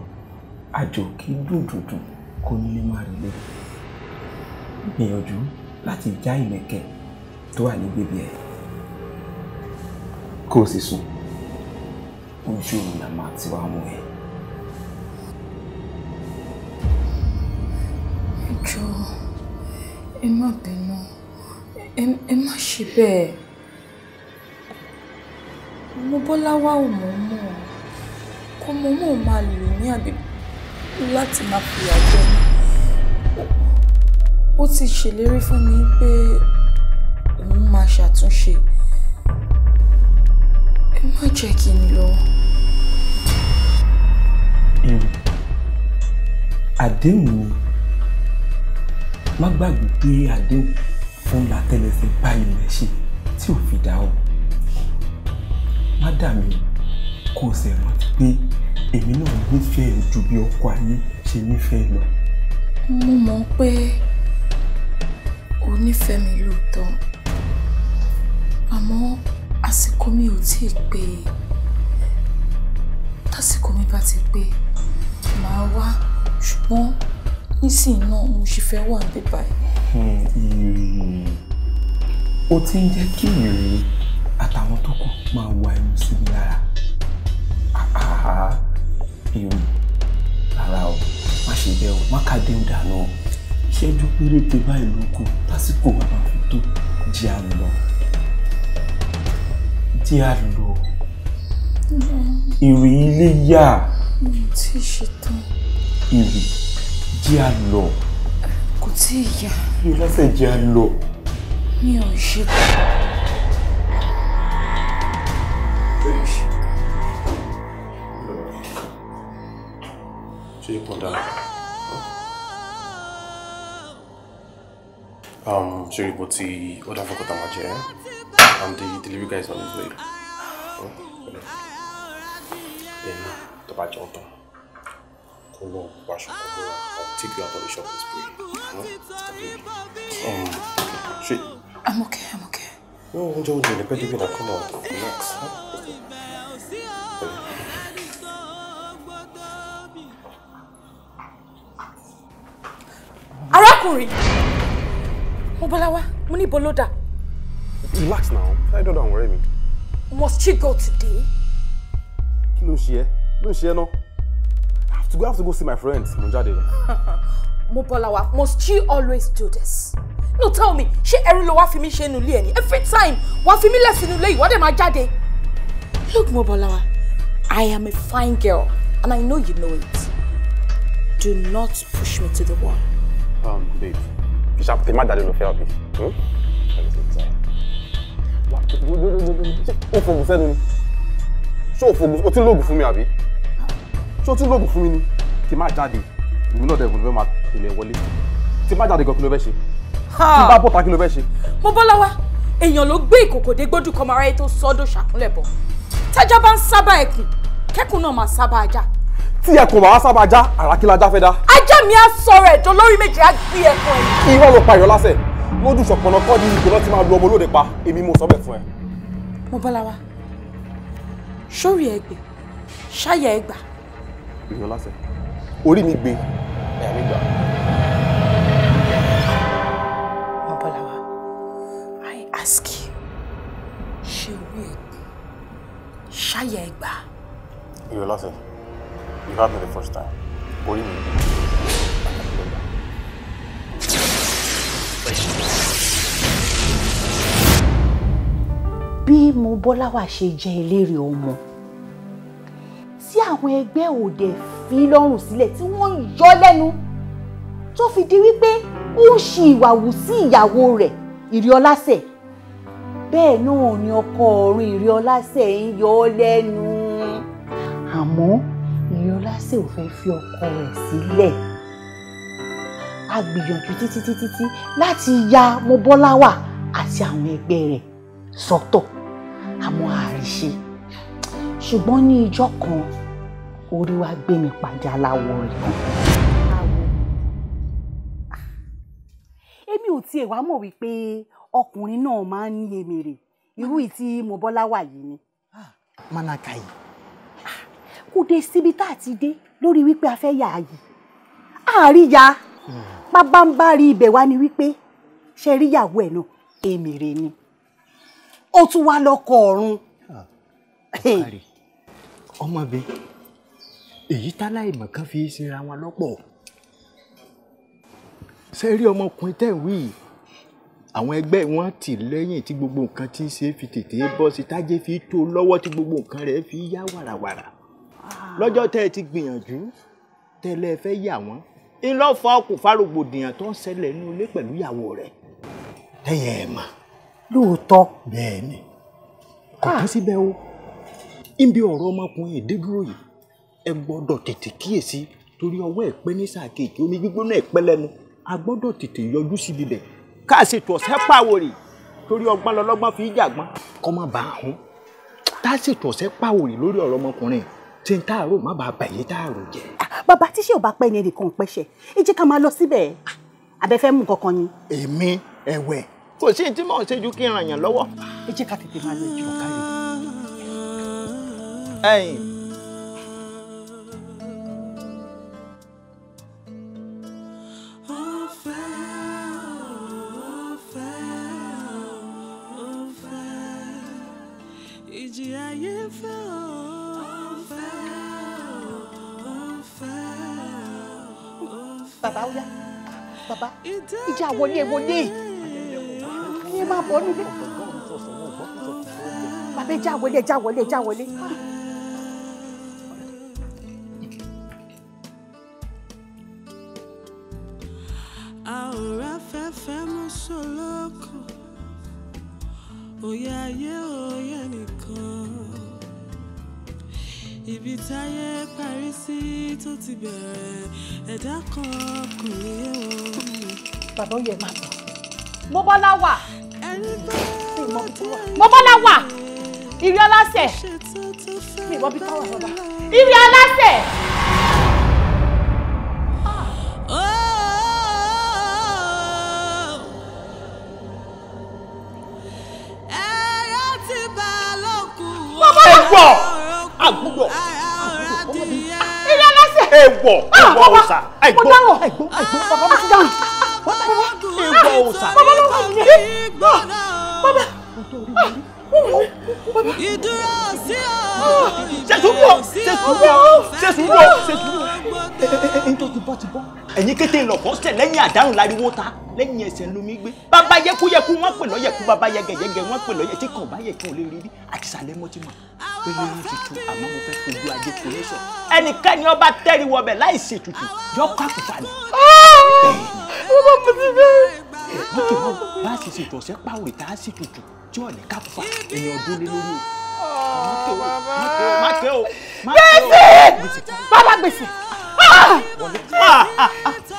àjò kí dùndùndùn kò ní lè má rí lórí gbìyànjú láti já ìlẹ̀kẹ̀ tó wà ní bèbí ẹ̀ kó o sì sùn ojú òun là máa ti wá mú ẹ. ìjọ ẹ má bínú ẹ má ṣe bẹ́ẹ̀ mo bọ́lá wá ò mọ̀ mọ̀ kó mo mọ̀ máa lò ní àbí láti máa fìyà jẹ mi ó ti ṣèlérí fún mi pé ṣàtúnṣe ẹ má jẹ́ kí n lọ. Hmm. àdéhùn o má gbàgbé pé àdéhùn fún látẹlẹsẹ bá ilẹ̀ ṣe tí ò fi dá ọ má dà mí kó o sì rántí pé èmi náà nífẹ̀ẹ́ ju bí ọkọ ayé ṣe nífẹ̀ẹ́ lọ. mo mọ̀ pé o nífẹ̀ẹ́ mi lóòótọ́ àmọ́ àsìkò mi ò tí ì pé tásìkò mi bá ti pé màá wá ṣùgbọ́n nísìnyí náà mo ṣì fẹ́ wà níbí báyìí. Hmm, ó ti ń jẹ́ kí ìrìn àtàwọn tó kù máa wá ẹnu sí mi lára irun rárá o má ṣe bẹ́ẹ̀ o má ká déhùn dànù o ìṣẹ́jú péréte báyìí ló kù lásìkò àbáfótó jí àmì lọ tí a lò ìrì ilé yá ìrì jẹ́ a lọ. kò tí ì yá. ìrẹsẹ̀ jẹ́ a lọ. mi ò ṣe kọ́. ṣe pọ̀ dáa. ṣe ipò tí ó dáfọ́kọ̀tà máa jẹ́ ẹ́ and the delivery guy is on his way. Then, tó bá jẹun tán, kó lọ wọ aṣọ kó I'll take you out of the shop and spray. Um, ṣe. I'm okay, I'm okay. No, oúnjẹ oúnjẹ lè pẹ́ débi náà Come on, Relax. Arakuri. mo bọ́lá wá, mo ní ibo Relax now. I don't worry me. Must she go today? No, she ń ṣe ẹ́? Kí ló I have to go, I have to go see my friends. Mo jáde. Mobolawa, must she always do this? No, tell me, She every ló wá she mí ṣe Every time, wá fi mí lẹ̀ sínú ilé yìí, wọ́n dẹ̀ máa jáde. Look, Mobolawa, I am a fine girl and I know you know it. Do not push me to the wall. Um, babe, Bishop, the mother don't feel this. Hmm? ó fògùn sẹ́nu ni ṣé o fògùn o ti lóògùn fún mi àbí ṣé o ti lóògùn fún mi ni kí n má jáde ìlú náà dẹ̀kun ló fẹ́ máa tẹ̀lé wọlé tí n má jáde gan kí ló fẹ́ ṣe tí n bá bọ̀ta kí ló fẹ́ ṣe. mo bọ́ lọ́wọ́ èèyàn ló gbé ìkòkò dé gbódù kọmọ aráyé tó sọ́dọ̀ ṣàkúnlẹ̀ bọ̀ tájá bá ń sábà ẹkùn kẹ́kùn náà máa sábà ajá. tí ẹkùn bá wá sábà ajá àràkí lajá fẹ́ dá. ajá mi á sọ̀rọ̀ ẹ̀dọ́ lórí méjì á gbé ẹkùn ẹ̀. irọ́ ló pa ìrọ́lásẹ̀ lójú ṣọ̀pọ̀nà kọ́ di ìgbóná tí máa lu ọmọ olóde pa èmi mo sọ bẹ́ẹ̀ fún ẹ. mo bọ́lá wa sórí ẹ gbé ṣáyà ẹ gbà. èèyàn lásẹ̀ orí mi gbé ẹ̀yà mi gbà. mo bọ́lá wa I ask you ṣé orí ẹ gbé ẹ gbà. èèyàn lásẹ̀ you heard me the first time orí mi gbé. bí mo bọ́láwà ṣe jẹ́ eléré ọmọ tí àwọn ẹgbẹ́ òde fi lọ́rùn sílẹ̀ tí wọ́n ń yọ lẹ́nu tó fi di wípé ó ń ṣe ìwàwù sí ìyàwó rẹ̀ ìrìọlásẹ̀ bẹ́ẹ̀ náà ni ọkọ ọ̀run ìrìọlásẹ̀ ń yọ ọ́ lẹ́nu àmọ́ ìrìọlásẹ̀ ò fẹ́ fi ọkọ rẹ̀ sílẹ̀. Si a gbìyànjú títí títí tí láti ya Mobọ́láwà àti àwọn ẹgbẹ́ rẹ̀ sọ́tọ̀ àmọ́ àríṣe ṣùgbọ́n ní ìjọ́ kan orí wa gbé mi pàdé aláwọ̀ rẹ̀ kan. èmi ò tiẹ̀ wá mọ̀ wípé ọkùnrin náà máa ń ní èmèrè irú ìtí Mobọ́láwà yìí ni. Ah, manaka yìí. Ah, kò dé síbi tá a ti dé lórí wípé a fẹ́ yà á yìí àárí ya. Hmm pábánbárí ibẹ̀ wá ni wípé ṣe rí ìyàwó ẹ̀ náà èmèrè ni ó tún wá lọ́kọ ọ̀run. Ah, ọmọ mi èyí táláì mọ̀kán fi sinra wọn lọ́pọ̀ ṣe rí ọmọkùnrin tẹ̀ wí àwọn ẹgbẹ́ wọn tì lẹ́yìn tí gbogbo nǹkan ti ṣe fi tètè bọ́ sí tájé fi tó lọ́wọ́ tí gbogbo nǹkan rẹ̀ fi yá wàràwàrà ah. lọ́jọ́ tẹ́ ẹ ti gbìyànjú tẹ́lẹ̀ fẹ́ yà wọ́n ńlọ́fà kò fárògbòdìyàn tó ń ṣẹlẹ̀ nínú ilé pẹ̀lú ìyàwó rẹ̀ lẹ́yìn ẹ̀ mà. lóòótọ́. bẹ́ẹ̀ ni kò ah. tán síbẹ̀ o níbi ọ̀rọ̀ ọmọkùnrin ìdídúró yìí ẹ gbọ́dọ̀ tètè kíyèsí torí ọwọ́ ẹ̀ pẹ́ ní sáà kejì omi gbígbóná ẹ̀ pẹ́ lẹ́nu a gbọ́dọ̀ tètè yọjú síbi bẹ̀ ká a ṣètò ọ̀sẹ̀ pàwòrì torí ọgbọ́n lọ́lọ́gbọ́n fi í jàgbọ́n kọ́ má bàa hàn tá a ṣètò ọ̀sẹ̀ pàwòrì lórí ọ̀rọ̀ ọmọkùnrin yìí tí n táàrò má bàa bẹ̀yìn táàrò jẹ. bàbá tí ṣé ò bá pẹ́ ni ẹnì kan ò pẹ́ṣẹ̀ ẹ jẹ́ ká máa lọ síbẹ̀ abẹ́fẹ́ mú kankan ni. èmi ẹ̀wẹ̀ kò sí tí mò ń ṣe ju kí n ràn yàn lọ́wọ́. ẹ jẹ́ ká tètè máa lọ jù ọ̀ká rẹ̀. ẹ̀yin. ìjì ayé bàbá ó yá bàbá ìjà wọlé wọlé ẹ máa bọ̀ nílé bàbá ìjà wọlé ìjà wọlé ìjà wọlé. àwòrán fẹ́fẹ́ mú sọ́lọ́kù òye ibi táyé parí sí tó ti bẹ̀rẹ̀ ẹ̀dá kan kò lè o. bàbá ó yẹ máa bọ̀. mọ́bọ́lá wà. ẹni bá wà tí wà. mọ́bọ́lá wà. ìrì ọlásẹ̀. mi ìwọ́n bí táwọn bàbá. ìrì ọlásẹ̀. èèwọ̀ èèwọ̀ òòṣà àìgbó àìgbó àìgbó bàbá mo ti dáhùn bàbá èèwọ̀ òòṣà. bàbá ló wà ní bàbá ìdúró sí ọ ìbẹ̀rẹ̀ sí ọ ṣètùbọ̀ ṣètùbọ̀ ṣètùbọ̀ ṣètùbọ̀ ẹyin tó ti bọ́ ti bọ́. ẹ̀yin kété ńlọ̀kọ́ sẹ̀ lẹ́yìn àdáhùn láriwo ta lẹ́yìn ẹsẹ̀ lomi gbé. bàbá yẹkuyẹku wọ́n pè lọ́yẹ̀kú bàbá yẹgẹyẹgẹ wọ́n pè lọ́yẹ̀ tí kò bá yẹ kí n lè rí rí àtisàlẹ̀ mọ́ ti mọ̀ pé lóyún tuntun àmọ́ mo fẹ́ fojú ajé kò lẹ́sọ̀. ẹnikẹ́ni ọba tẹ́rí wọbẹ̀ láì ṣètùtù yọ kó àkùfà ni. wọ́n kì í mọ bá a ṣe ṣètò ọ̀sẹ̀ pàwòrì tá a ṣètùtù tí ọ̀nì káfà èèyàn dún lé lórí o. má kẹ́ o má kẹ́ o má kẹ́ o. gbèsè bàbá gbèsè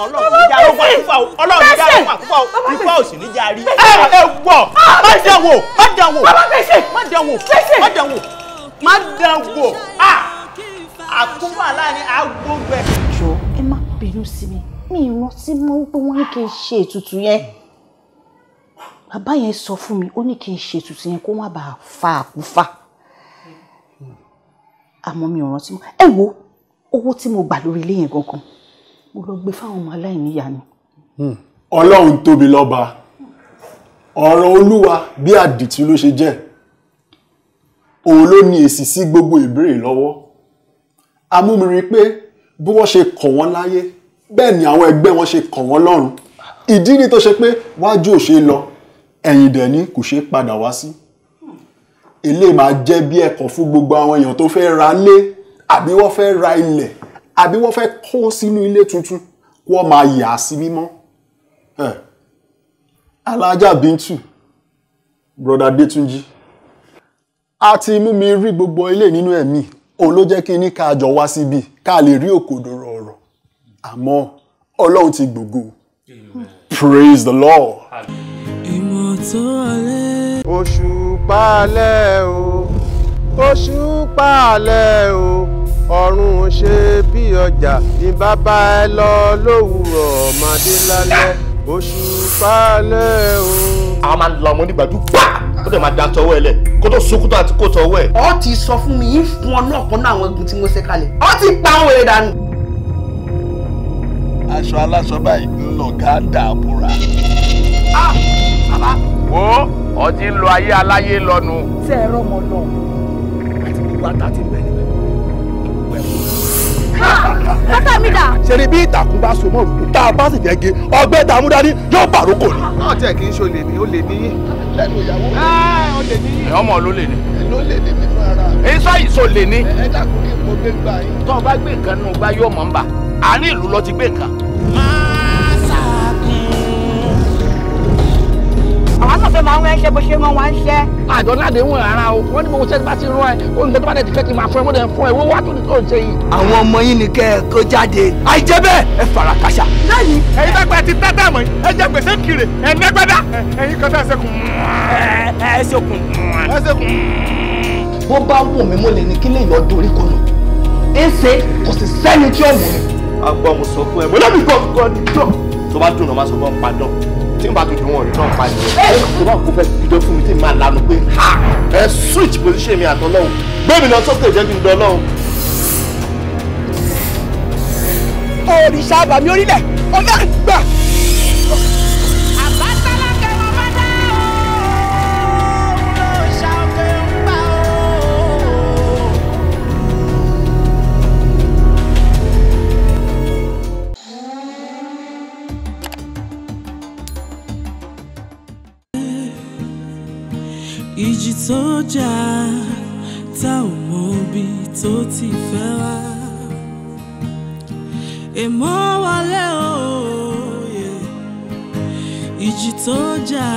ọlọ́run níjà ló wà fúfà o ọlọ́run níjà ló wà fúfà o fúfà ò sì níjà rí. ẹ ẹ wọ má dán wò má dán wò má dán wò má dán wò má dán wò àkúfà láàrin agbóngbẹ. jọ ẹ má bínú sí mi mi ìrántí mọ pé wọn ní kí n ṣe ètùtù yẹn bàbá yẹn sọ fún mi ó ní kí n ṣe ètùtù yẹn kó má bàa fa àkúfà àmọ́ mi ò rántí mọ ẹ wo owó tí mo gbà lórí ilé yẹn gangan mo lọ gbé fáwọn ọmọ aláìníyá ni. Hmm. ọlọ́run tóbi lọ́ba ọ̀rọ̀ olúwa bí àdìtú ló ṣe jẹ́ òun ló ní èsì sí gbogbo ìbéèrè lọ́wọ́ amúmiri pé bí wọ́n ṣe kọ̀ wọ́n láyé bẹ́ẹ̀ ni àwọn ẹgbẹ́ wọn ṣe kọ̀ wọ́n lọ́run ìdí ni tó ṣe pé wájú ò ṣe lọ ẹ̀yìn dẹ̀ ni kò ṣe padà wá sí eléyìí máa jẹ́ bí ẹ̀kọ́ fún gbogbo àwọn èèyàn tó fẹ́ ra lé àbí wọ́n fẹ́ ra ilẹ̀ àbí wọ́n fẹ́ kó sínú ilé tuntun kó wọ́n máa yà á sí mímọ́ alájà bíntu broda Détúnjí a ti mú mi rí gbogbo ilé nínú ẹ̀mí òun ló jẹ́ kí ní ká jọ wá síbi ká lè rí òkòdòrò ọ̀rọ̀ àmọ́ ọlọ́run ti gbògo praise the lord. ìmọ̀ tó alẹ́. o oṣù palẹ̀ o ọ̀run ṣe bí ọjà ní bàbá ẹ lọ lówùrọ̀ ọ̀màdé lálẹ́ oṣù falẹ̀ o. àwọn máa ń lọ ọmọ nígbàdú gbà kó dẹ̀ máa da tọwọ́ ẹ lẹ̀ kó tó sokoto àti kó tọwọ́ ẹ. ọ ti sọ fún mi yín fún ọ náà kan náà àwọn egun tí mo ṣe kalẹ̀ ọ ti pa àwọn èrè dànù. aṣọ aláṣọ báyìí ń lọ gáàdà àbúrà. ah bàbá. wo ọtí ń lo ayé aláyé lọ́nu. tẹ́ ẹ̀rọ mọ̀ náà àti gbogbo àtàtì bẹ́ẹ̀ bàtà mi dà. ṣeré bí ìtàkùn bá so mọ́ òrùkú tá a bá sì fẹ́ gé ọgbẹ́ tá a mú dání yóò pàrókò ni. náà tẹ kì í ṣe olè ní olè ní yín. lẹ́nu ìyàwó ah, olè ní yín. ọmọ ló lè ní. ló lè ní mi fún ara. iṣẹ́ ìṣó lè ní. ẹ dákun kí n mọ gbé gbà yín. tó o bá gbé nǹkan nù bá yóò mọ̀ ń bà àárín ìlú lọ ti gbé nǹkan. máa ah. fẹ́ máa ń ránṣẹ́ bó ṣe rán wa ń ṣẹ́. àjọ ah, náà dé wọn ara o wọn ní mo ṣe bá ti rán ẹ o nǹkan tó bá dẹ̀ ti fẹ́ kí n máa fún ẹ mo dẹ̀ fún ẹ owó wá tó ní tó ń ṣe yìí. àwọn ọmọ yín ni kẹ́ ẹ kó jáde àìjẹ́ bẹ́ẹ̀ ẹ fara kàṣà. lẹ́yìn ẹ̀yin bá gba ti tátà mọ́ ẹ jẹ́ gbèsè kiri ẹ̀ nẹ́gbẹ́dá ẹ̀yin kan sáà ṣẹkùn. ẹ ṣẹkùn. ẹ ṣẹkùn. bó bá wù mí mo lè ní kí lè yọ dorí kọnà ń ṣe kò sì sẹ́ni tí ó mú mi. agbọ́n mo sọ fún ẹ mo lọ́ọ́ mi gbọ́ gbọ́ ní dán tó bá dùn náà má sọ fún ọ padàn tí n bá tuntun wọn rí náà pàdé ẹ kò náà kò fẹ́ ìjọ fún mi tí màá lanu pé ha ẹ switch position mi àtọ lọ́hùn gbẹ̀mí lọ sókè jẹ́ kí n dán lọ́hùn. òrìṣà àbàmì orílẹ̀ ọ̀dà gbà. ìjì tó jà tá ò mọ ibi tó ti fẹ́ wá èmọ́ wálé òòyè ìjì tó jà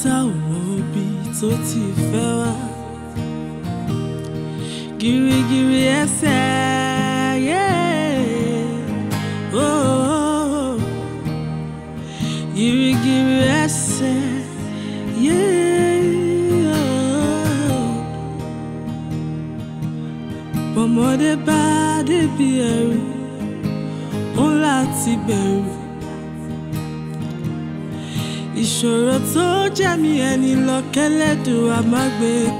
tá ò mọ ibi tó ti fẹ́ wá girigiri ẹsẹ̀ yé oh, oh, oh. girigiri ẹsẹ̀. ọmọdé bá débi ẹrù ó láti bẹ̀rù ìṣòro tó jẹ́ mi ẹni lọ kẹ́lẹ́dùn àmágbé